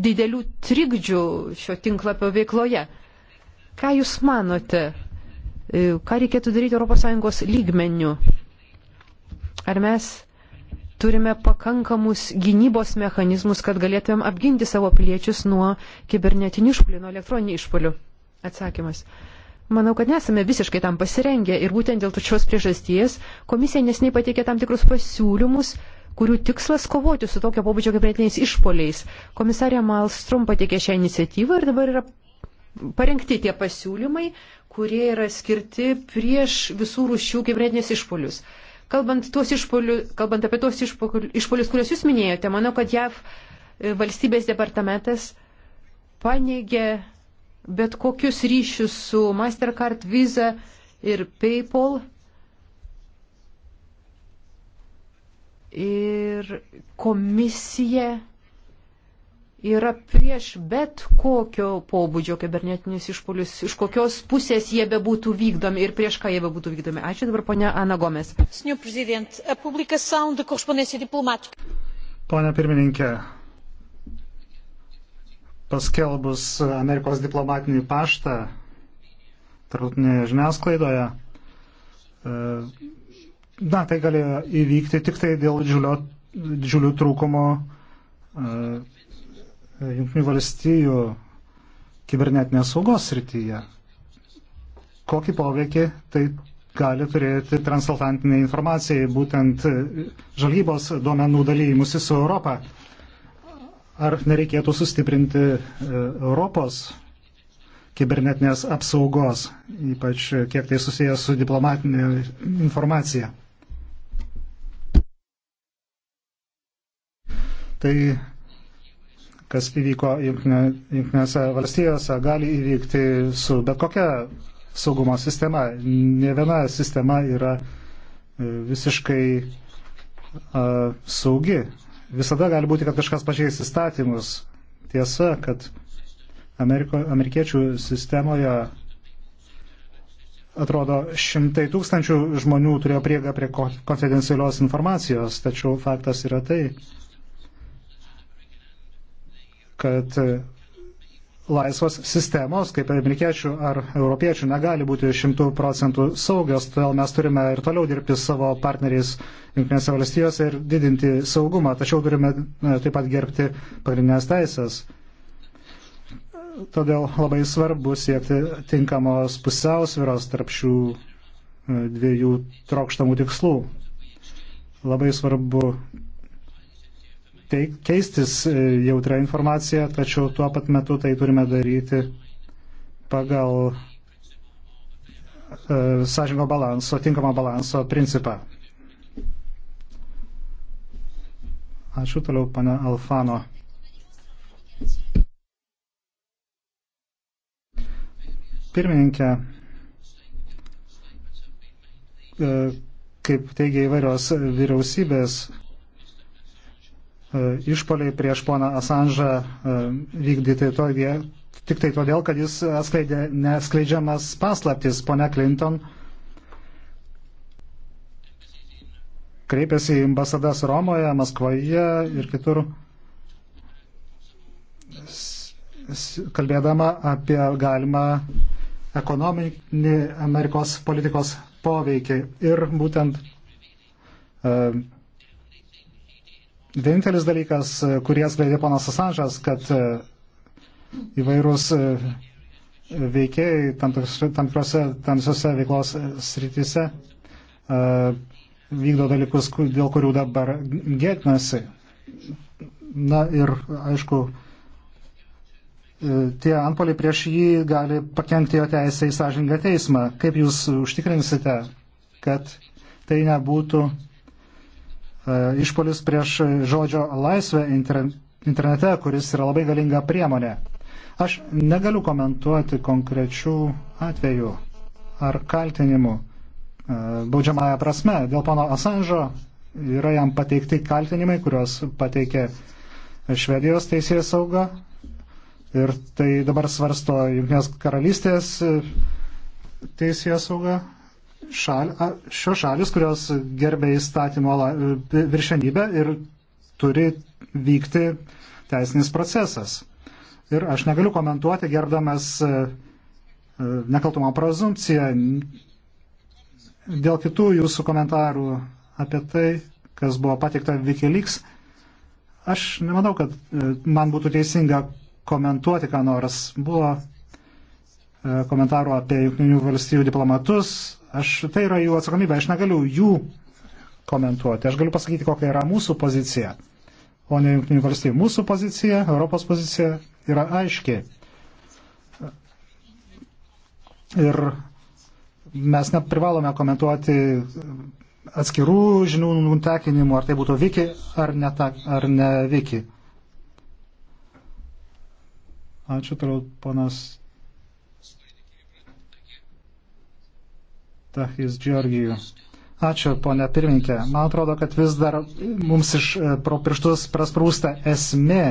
didelių trikdžių šio tinklapio veikloje. Ką Jūs manote, e, ką reikėtų daryti ES lygmenių? Ar mes turime pakankamus gynybos mechanizmus, kad galėtumėm apginti savo piliečius nuo kibernetinių išpolių, nuo elektroninių išpolių? Atsakymas. Manau, kad nesame visiškai tam pasirengę ir būtent dėl šios priežasties komisija nesnei pateikė tam tikrus pasiūlymus, kurių tikslas kovoti su tokio pobūdžio kibernetiniais išpoliais. Komisarė Malstrom pateikė šią iniciatyvą ir dabar yra parengti tie pasiūlymai, kurie yra skirti prieš visų rūšių kibernetinės išpolius. Kalbant, išpolių, kalbant apie tuos išpolius, kuriuos jūs minėjote, manau, kad JAV e, valstybės departamentas paneigė bet kokius ryšius su Mastercard, Visa ir PayPal. Ir komisija yra prieš bet kokio pobūdžio kibernetinius išpolius, iš kokios pusės jie bebūtų vykdomi ir prieš ką jie bebūtų vykdomi. Ačiū dabar ponia Ana Gomes. Pone pirmininkė, paskelbus Amerikos diplomatinį paštą tarptautinėje žiniasklaidoje, e, na, tai galėjo įvykti tik tai dėl didžiulio, didžiulių trūkumo e, E, Junktinių valstijų kibernetinės saugos srityje. Kokį poveikį tai gali turėti transatlantiniai informacijai, būtent e, žalybos duomenų dalymusi su Europą. Ar nereikėtų sustiprinti e, Europos kibernetinės apsaugos, ypač kiek tai susijęs su diplomatinė informacija? Tai kas įvyko Junktinėse valstijose, gali įvykti su bet kokia saugumo sistema. Ne viena sistema yra e, visiškai a, saugi. Visada gali būti, kad kažkas pačiais įstatymus. Tiesa, kad Ameriko, amerikiečių sistemoje atrodo šimtai tūkstančių žmonių turėjo priega prie konfidencialios informacijos, tačiau faktas yra tai, kad e, laisvos sistemos, kaip amerikiečių ar europiečių, negali būti šimtų procentų saugios, todėl mes turime ir toliau dirbti savo partneriais Junktinėse valstijose ir didinti saugumą, tačiau turime e, taip pat gerbti pagrindinės teisės. Todėl labai svarbu siekti tinkamos pusiausviros tarp šių e, dviejų trokštamų tikslų. Labai svarbu keistis e, jautrą informaciją, tačiau tuo pat metu tai turime daryti pagal e, sąžingo balanso, tinkamo balanso principą. Ačiū toliau, pane Alfano. Pirmininkė, e, kaip teigia įvairios vyriausybės, E, išpoliai prieš poną Asanžą e, vykdyti to vietą. Tik tai todėl, kad jis atskleidė neskleidžiamas paslaptis. Pone Clinton kreipėsi į ambasadas Romoje, Maskvoje ir kitur, kalbėdama apie galimą ekonominį Amerikos politikos poveikį. Ir būtent uh, Vienintelis dalykas, kurį atskleidė ponas Asanžas, kad e, įvairūs e, veikėjai tam tikrose tamsiose veiklos srityse e, vykdo dalykus, dėl kurių dabar gėtinasi. Na ir, aišku, tie antpoliai prieš jį gali pakengti jo teisę į sąžingą teismą. Kaip jūs užtikrinsite, kad tai nebūtų E, išpolis prieš žodžio laisvę internete, kuris yra labai galinga priemonė. Aš negaliu komentuoti konkrečių atvejų ar kaltinimų e, baudžiamąją prasme. Dėl pono Asanžo yra jam pateikti kaltinimai, kuriuos pateikė Švedijos teisės sauga. Ir tai dabar svarsto Junktinės karalystės e, teisės sauga šal, šios šalis, kurios gerbė įstatymo e, viršenybę ir turi vykti teisinis procesas. Ir aš negaliu komentuoti, gerbdamas e, e, nekaltumo prezumciją dėl kitų jūsų komentarų apie tai, kas buvo patikta Wikileaks. Aš nemanau, kad man būtų teisinga komentuoti, ką nors buvo komentarų apie jungtinių valstybių diplomatus, Aš, tai yra jų atsakomybė, aš negaliu jų komentuoti. Aš galiu pasakyti, kokia yra mūsų pozicija, o ne Junktinių valstybių. Mūsų pozicija, Europos pozicija yra aiški. Ir mes neprivalome komentuoti atskirų žinių nutekinimų, ar tai būtų Viki ar ne, ta, ar ne Viki. Ačiū, toliau ponas Tachis Georgijų. Ačiū, ponia pirminkė. Man atrodo, kad vis dar mums iš e, pro pirštus prasprūsta esmė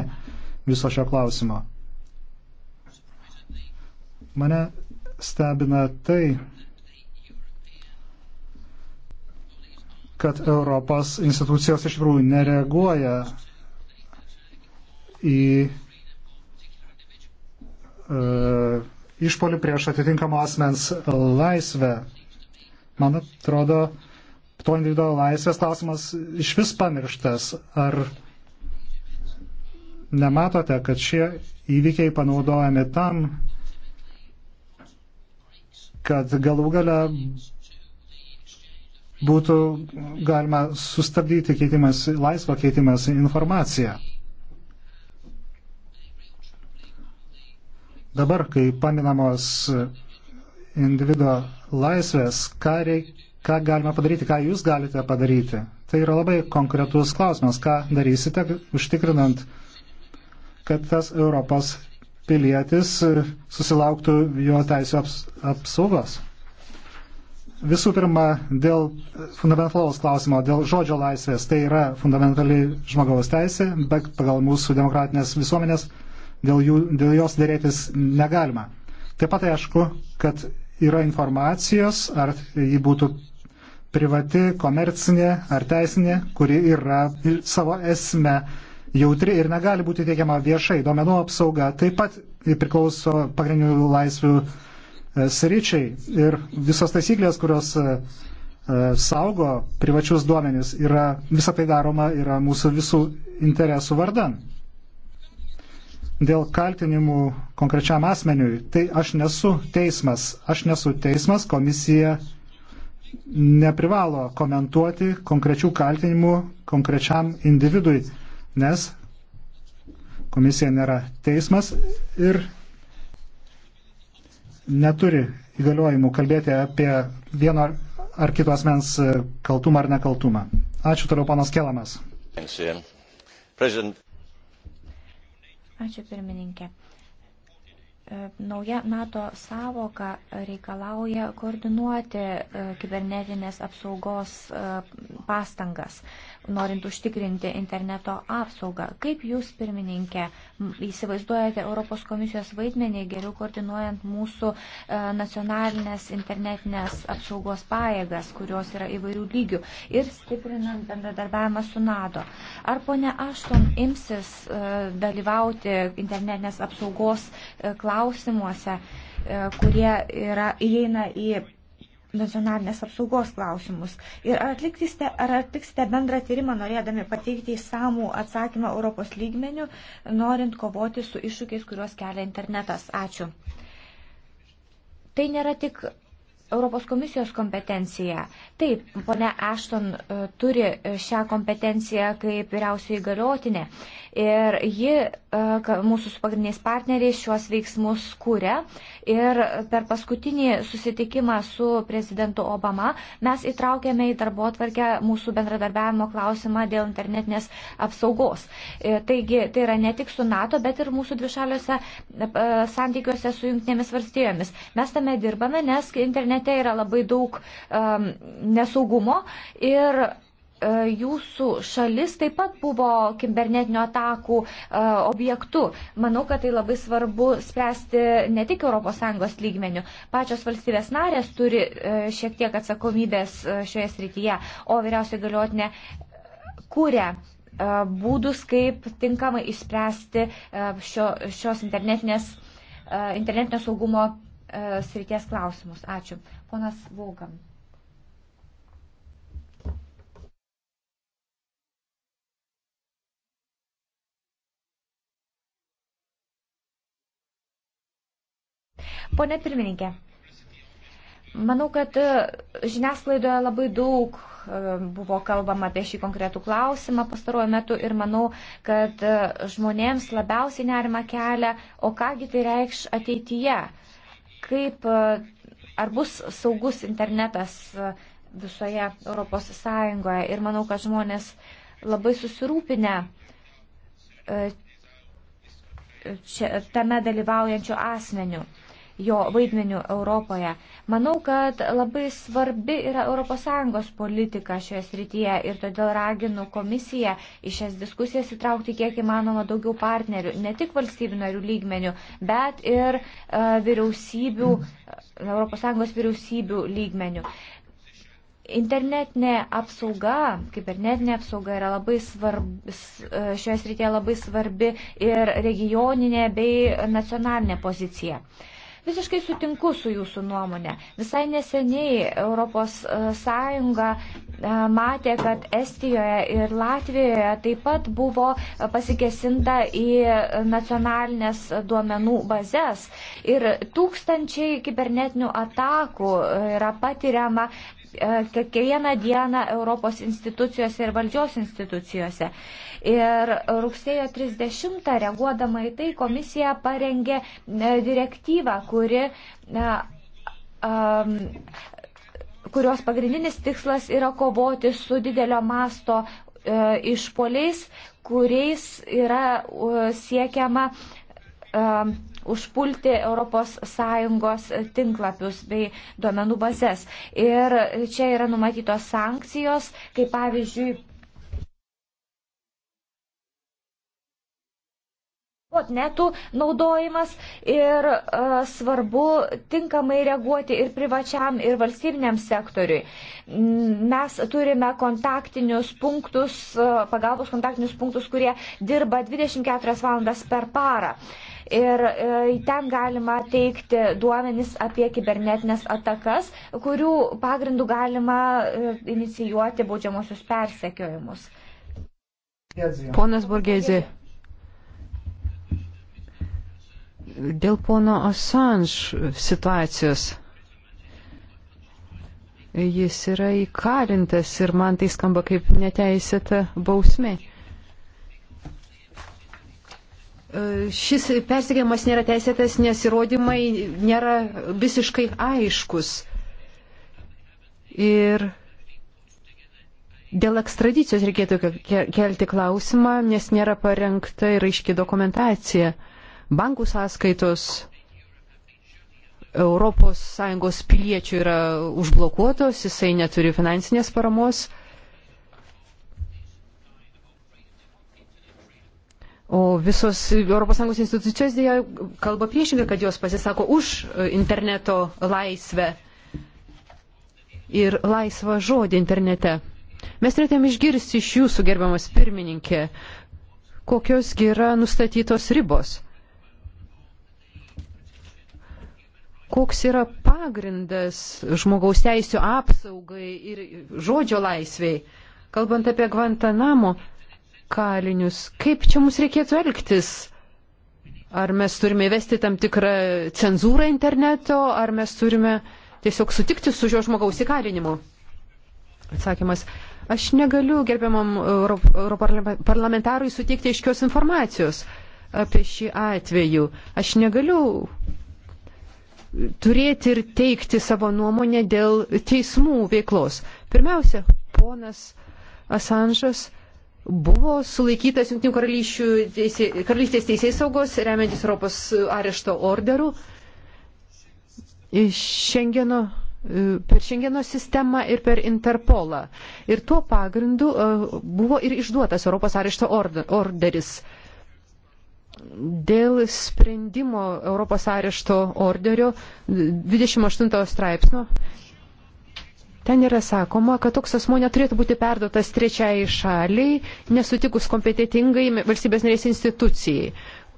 viso šio klausimo. Mane stebina tai, kad Europos institucijos iš tikrųjų nereaguoja į e, išpolių prieš atitinkamą asmens laisvę Man atrodo, to individualo laisvės klausimas iš vis pamirštas. Ar nematote, kad šie įvykiai panaudojami tam, kad galų gale būtų galima sustabdyti keitimas, laisvą keitimas informaciją. Dabar, kai paminamos individuo laisvės, ką, reik, ką galima padaryti, ką jūs galite padaryti. Tai yra labai konkretus klausimas, ką darysite, užtikrinant, kad tas Europos pilietis susilauktų jo teisų aps, apsaugos. Visų pirma, dėl fundamentalaus klausimo, dėl žodžio laisvės, tai yra fundamentali žmogaus teisė, bet pagal mūsų demokratinės visuomenės dėl, jų, dėl jos dėrėtis negalima. Taip pat aišku, kad yra informacijos, ar ji būtų privati, komercinė ar teisinė, kuri yra savo esme jautri ir negali būti teikiama viešai. Domenų apsauga taip pat priklauso pagrindinių laisvių e, sričiai ir visos taisyklės, kurios e, e, saugo privačius duomenis, yra, visą tai daroma yra mūsų visų interesų vardan. Dėl kaltinimų konkrečiam asmeniui, tai aš nesu teismas. Aš nesu teismas, komisija neprivalo komentuoti konkrečių kaltinimų konkrečiam individui, nes komisija nėra teismas ir neturi įgaliojimų kalbėti apie vieno ar kito asmens kaltumą ar nekaltumą. Ačiū toliau, panas Kelamas. Ačiū pirmininkė. E, nauja NATO savoka reikalauja koordinuoti e, kibernetinės apsaugos e, pastangas norint užtikrinti interneto apsaugą. Kaip Jūs, pirmininkė, įsivaizduojate Europos komisijos vaidmenį geriau koordinuojant mūsų e, nacionalinės internetinės apsaugos pajėgas, kurios yra įvairių lygių, ir stiprinant bendradarbiavimą su NATO? Ar ponia Ašton imsis e, dalyvauti internetinės apsaugos e, klausimuose, kurie yra, įeina į nacionalinės apsaugos klausimus. Ir ar atliksite, ar atliksite bendrą tyrimą, norėdami pateikti įsamų atsakymą Europos lygmenių, norint kovoti su iššūkiais, kuriuos kelia internetas? Ačiū. Tai nėra tik Europos komisijos kompetencija. Taip, ponia Ashton e, turi šią kompetenciją kaip vyriausiai galiotinė ir ji e, mūsų su pagrindiniais partneriais šiuos veiksmus kūrė ir per paskutinį susitikimą su prezidentu Obama mes įtraukėme į darbo atvarkę mūsų bendradarbiavimo klausimą dėl internetinės apsaugos. E, taigi tai yra ne tik su NATO, bet ir mūsų dvišaliuose santykiuose su jungtinėmis valstijomis. Mes tame dirbame, nes internetinė internete yra labai daug um, nesaugumo ir e, jūsų šalis taip pat buvo kibernetinio atakų e, objektu. Manau, kad tai labai svarbu spręsti ne tik ES lygmenių. Pačios valstybės narės turi e, šiek tiek atsakomybės šioje srityje, o vyriausiai galiotinė kūrė būdus, kaip tinkamai išspręsti šio, šios internetinės, internetinio saugumo E, srities klausimus. Ačiū. Ponas Vaugam. Pone pirmininkė, manau, kad e, žiniasklaidoje labai daug e, buvo kalbama apie šį konkretų klausimą pastaruoju metu ir manau, kad žmonėms labiausiai nerima kelia, o kągi tai reikš ateityje kaip, e, ar bus saugus internetas e, visoje Europos Sąjungoje. Ir manau, kad žmonės labai susirūpinę e, čia, tame dalyvaujančių asmenių jo vaidmeniu Europoje. Manau, kad labai svarbi yra ES politika šioje srityje ir todėl raginu komisiją į šias diskusijas įtraukti kiek įmanoma daugiau partnerių, ne tik valstybių narių lygmenių, bet ir e, vyriausybių, ES vyriausybių lygmenių. Internetinė apsauga, kibernetinė apsauga yra labai svarbi, e, šioje srityje labai svarbi ir regioninė bei nacionalinė pozicija. Uh, Visiškai sutinku su jūsų nuomonė. Visai neseniai ES e, e, matė, kad Estijoje ir Latvijoje taip pat buvo e, pasikesinta į nacionalinės duomenų bazės. Ir tūkstančiai kibernetinių atakų yra patiriama E, kiekvieną dieną Europos institucijose ir valdžios institucijose. Ir rugsėjo 30 reaguodama į tai komisija parengė e, direktyvą, kuri. Um, kurios pagrindinis tikslas yra kovoti su didelio masto e, išpoliais, kuriais yra e, siekiama e, užpulti ES tinklapius bei duomenų bazės. Ir čia yra numatytos sankcijos, kaip pavyzdžiui. netų naudojimas ir e, svarbu tinkamai reaguoti ir privačiam, ir valstybiniam sektoriui. Mes turime kontaktinius punktus, e, pagalbos kontaktinius punktus, kurie dirba 24 valandas per parą. E, Ir e, ten galima teikti duomenis apie kibernetinės atakas, kurių pagrindų galima e, inicijuoti baudžiamosius persekiojimus. Ponas Borgėzė. Dėl pono Assange situacijos. Jis yra įkalintas ir man tai skamba kaip neteisėta bausmė. E, šis persikėjimas nėra teisėtas, nes įrodymai nėra visiškai aiškus. Ir dėl ekstradicijos reikėtų kelti klausimą, nes nėra parengta ir aiški dokumentacija. Bankų sąskaitos ES piliečių yra užblokuotos, jisai neturi finansinės paramos. O visos ES institucijos dėja kalba priešingai, kad jos pasisako už e, interneto laisvę ir laisvą žodį internete. Mes turėtume išgirsti iš jūsų, gerbiamas pirmininkė, kokios yra nustatytos ribos. Koks yra pagrindas žmogaus teisų apsaugai ir žodžio laisviai. Kalbant apie Guantanamo kalinius. Kaip čia mums reikėtų elgtis? Ar mes turime įvesti tam tikrą cenzūrą interneto, ar mes turime tiesiog sutikti su šio žmogaus įkalinimu? Atsakymas. Aš negaliu gerbiamam europarlamentarui suteikti aiškios informacijos apie šį atvejų. Aš negaliu turėti ir teikti savo nuomonę dėl teismų veiklos. Pirmiausia, ponas Asanžas buvo sulaikytas Junktinių teisė, karalystės teisės saugos, remiantis Europos arešto orderų, šengeno, e, per Šengeno sistemą ir per Interpolą. Ir tuo pagrindu e, buvo ir išduotas Europos arešto orderis. Dėl sprendimo Europos arešto orderio 28 straipsnio Ten yra sakoma, kad toks asmo neturėtų būti perduotas trečiai šaliai, nesutikus kompetitingai valstybės narės institucijai,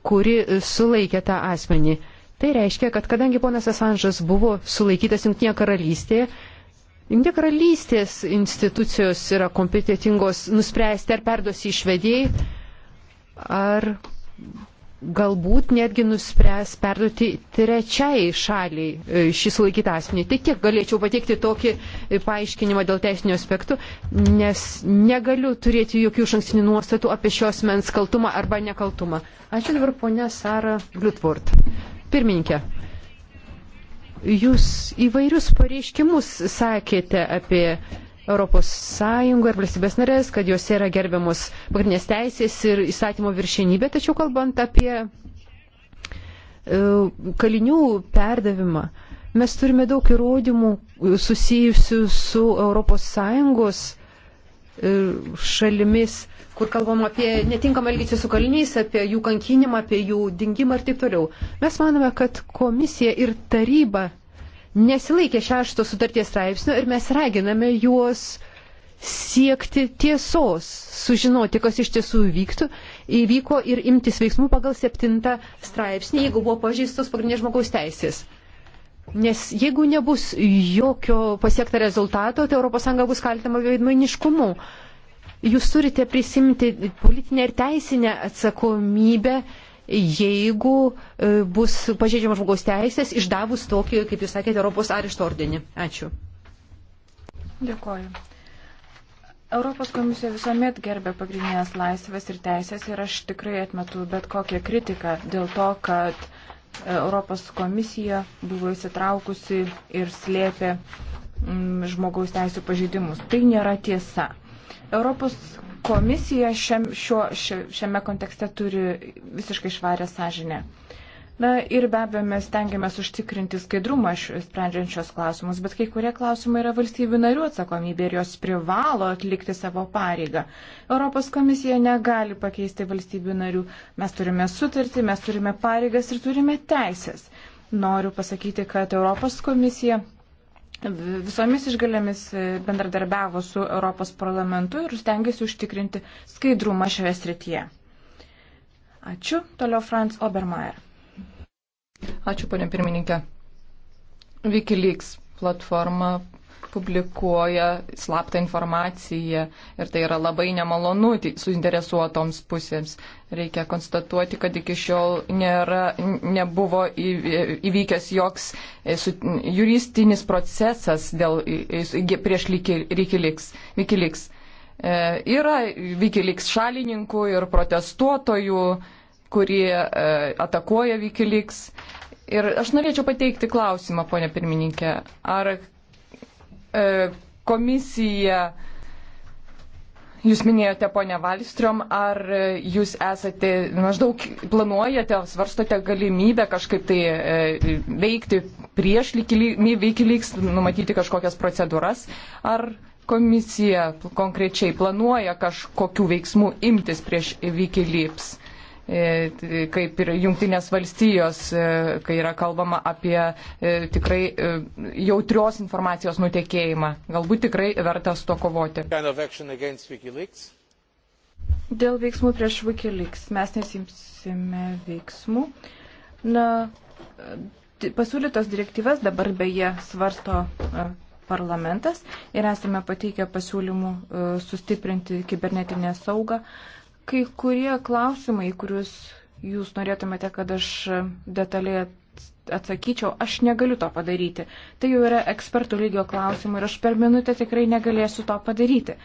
kuri sulaikė tą asmenį. Tai reiškia, kad kadangi ponas Asanžas buvo sulaikytas Junktinėje karalystėje, Junktinė karalystės institucijos yra kompetitingos nuspręsti, ar perduosi išvedėjai, ar galbūt netgi nuspręs perduoti trečiai šaliai e, šį sulaikytą asmenį. Tai tiek galėčiau pateikti tokį e, paaiškinimą dėl teisinio aspektų, nes negaliu turėti jokių šankstinių nuostatų apie šios mens kaltumą arba nekaltumą. Ačiū dabar ponia Sara Gliutvort. Pirmininkė. Jūs įvairius pareiškimus sakėte apie ES ir valstybės narės, kad juose yra gerbiamos pagrindinės teisės ir įstatymo viršenybė, tačiau kalbant apie e, kalinių perdavimą, mes turime daug įrodymų susijusių su ES e, šalimis, kur kalbam apie netinkamą elgesį su kaliniais, apie jų kankinimą, apie jų dingimą ir taip toliau. Mes manome, kad komisija ir taryba nesilaikė šešto sutarties straipsnio ir mes raginame juos siekti tiesos, sužinoti, kas iš tiesų vyktų, įvyko ir imtis veiksmų pagal septintą straipsnį, jeigu buvo pažįstos pagrindinės žmogaus teisės. Nes jeigu nebus jokio pasiekta rezultato, tai ES bus kaltama veidmainiškumu. Jūs turite prisimti politinę ir teisinę atsakomybę jeigu e, bus pažeidžiamas žmogaus teisės, išdavus tokį, kaip jūs sakėte, Europos arešto ordinį. Ačiū. Dėkoju. Europos komisija visuomet gerbė pagrindinės laisvės ir teisės ir aš tikrai atmetu bet kokią kritiką dėl to, kad Europos komisija buvo įsitraukusi ir slėpė mm, žmogaus teisų pažeidimus. Tai nėra tiesa. Europos komisija šiam, šio, šiame kontekste turi visiškai švarę sąžinę. Na ir be abejo mes tengiamės užtikrinti skaidrumą sprendžiančios klausimus, bet kai kurie klausimai yra valstybių narių atsakomybė ir jos privalo atlikti savo pareigą. Europos komisija negali pakeisti valstybių narių. Mes turime sutartį, mes turime pareigas ir turime teisės. Noriu pasakyti, kad Europos komisija visomis išgalėmis bendradarbiavo su Europos parlamentu ir stengiasi užtikrinti skaidrumą šioje srityje. Ačiū. Toliau Franz Obermeier. Ačiū, ponė pirmininkė. Wikileaks platforma publikuoja slaptą informaciją ir tai yra labai nemalonu suinteresuotoms pusėms. Reikia konstatuoti, kad iki šiol nėra, nebuvo įvykęs joks e, juristinis procesas dėl, prieš Vikiliks. E, yra Vikiliks šalininkų ir protestuotojų, kurie e, atakuoja Vikiliks. Ir aš norėčiau pateikti klausimą, ponė pirmininkė, ar E, komisija, jūs minėjote ponę Valstrom, ar jūs esate, maždaug planuojate, svarstote galimybę kažkaip tai e, veikti prieš Wikileaks, numatyti kažkokias procedūras, ar komisija konkrečiai planuoja kažkokių veiksmų imtis prieš Wikileaks? E, kaip ir Junktinės valstijos, e, kai yra kalbama apie e, tikrai jautrios informacijos nutekėjimą. Galbūt tikrai verta su to kovoti. Dėl veiksmų prieš Wikileaks mes nesimsime veiksmų. Na, pasiūlytos direktyvas dabar beje svarsto parlamentas ir esame pateikę pasiūlymų sustiprinti kibernetinę saugą. Uh, kai kurie klausimai, kuriuos jūs norėtumėte, kad aš detaliai atsakyčiau, aš negaliu to padaryti. Tai jau yra ekspertų lygio klausimai ir aš per minutę tikrai negalėsiu to padaryti.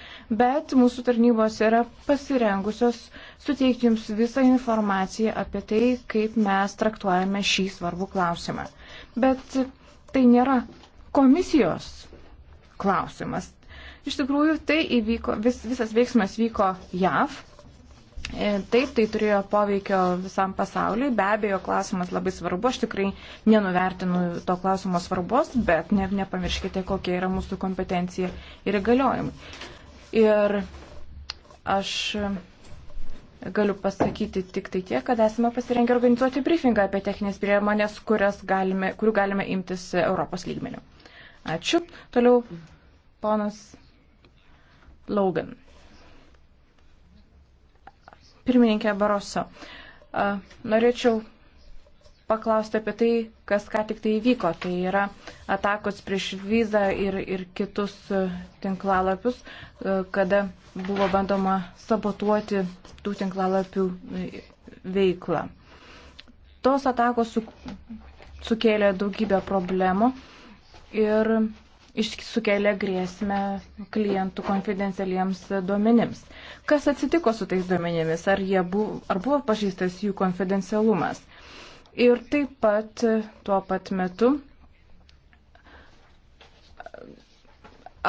Bet mūsų tarnybos yra pasirengusios suteikti jums visą informaciją apie tai, kaip mes traktuojame šį svarbų klausimą. Bet tai nėra komisijos klausimas. Iš tikrųjų, tai įvyko, vis, visas veiksmas vyko JAV E, taip, tai turėjo poveikio visam pasauliu. Be abejo, klausimas labai svarbu. Aš tikrai nenuvertinu to klausimo svarbos, bet ne, nepamirškite, kokia yra mūsų kompetencija ir įgaliojimai. Ir aš galiu pasakyti tik tai tiek, kad esame pasirengę organizuoti briefingą apie techninės priemonės, galime, kurių galime imtis Europos lygmenių. Ačiū. Toliau ponas Logan. Pirmininkė Baroso, norėčiau paklausti apie tai, kas ką tik tai įvyko. Tai yra atakos prieš vizą ir, ir kitus tinklalapius, kada buvo bandoma sabotuoti tų tinklalapių e, veiklą. Tos atakos su, sukėlė daugybę problemų ir sukelia grėsmę klientų konfidencialiems duomenims. Kas atsitiko su tais duomenimis? Ar, buvo, ar buvo pažįstas jų konfidencialumas? Ir taip pat tuo pat metu,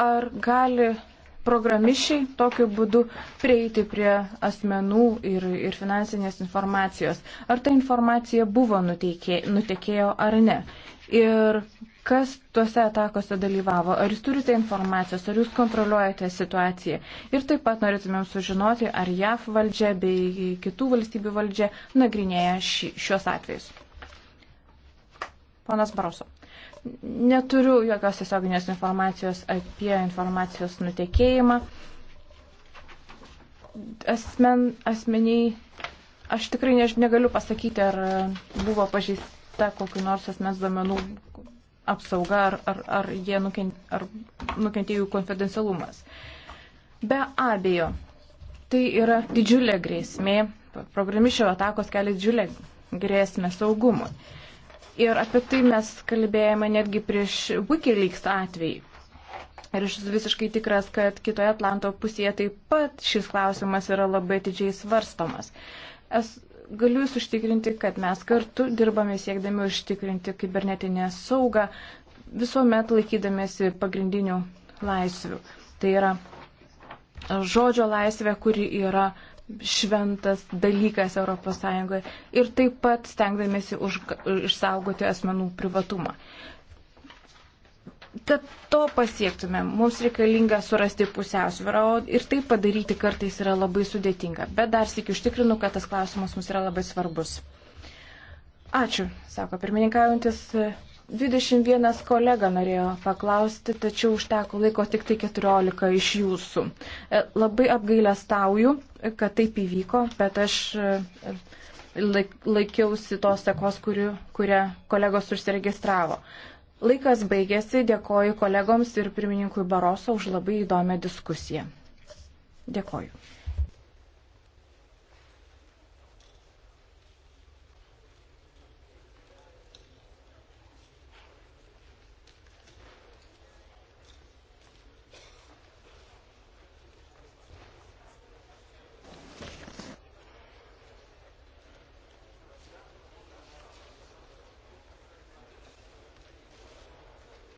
ar gali programišiai tokiu būdu prieiti prie asmenų ir, ir finansinės informacijos. Ar ta informacija buvo nuteikė, nutekėjo ar ne. Ir kas tuose atakose dalyvavo, ar jūs turite informacijos, ar jūs kontroliuojate situaciją. Ir taip pat norėtumėm sužinoti, ar JAF valdžia bei kitų valstybių valdžia nagrinėja ši, šios atvejus. Ponas Baroso. Neturiu jokios tiesioginės informacijos apie informacijos nutekėjimą. Asmen, asmeniai, aš tikrai ne, negaliu pasakyti, ar buvo pažįsta kokiu nors asmens duomenų apsauga ar, ar, ar, nukent, ar nukentėjų konfidencialumas. Be abejo, tai yra didžiulė grėsmė, programišio atakos kelia didžiulė grėsmė saugumui. Ir apie tai mes kalbėjome netgi prieš Wikileaks atvejį. Ir aš esu visiškai tikras, kad kitoje Atlanto pusėje taip pat šis klausimas yra labai didžiai svarstomas. Es, galiu jūs užtikrinti, kad mes kartu dirbame siekdami užtikrinti kibernetinę saugą, visuomet laikydamėsi pagrindinių laisvių. Tai yra žodžio laisvė, kuri yra šventas dalykas ES ir taip pat stengdamėsi už, išsaugoti asmenų privatumą. Kad to pasiektume, mums reikalinga surasti pusiausvyrą ir tai padaryti kartais yra labai sudėtinga. Bet dar sėkiu užtikrinu, kad tas klausimas mums yra labai svarbus. Ačiū, sako pirmininkaujantis. 21 kolega norėjo paklausti, tačiau užteko laiko tik tai 14 iš jūsų. E, labai apgailę stauju, kad taip įvyko, bet aš e, laikiausi tos sekos, kurią kolegos užsiregistravo. Laikas baigėsi, dėkoju kolegoms ir pirmininkui Baroso už labai įdomią diskusiją. Dėkoju.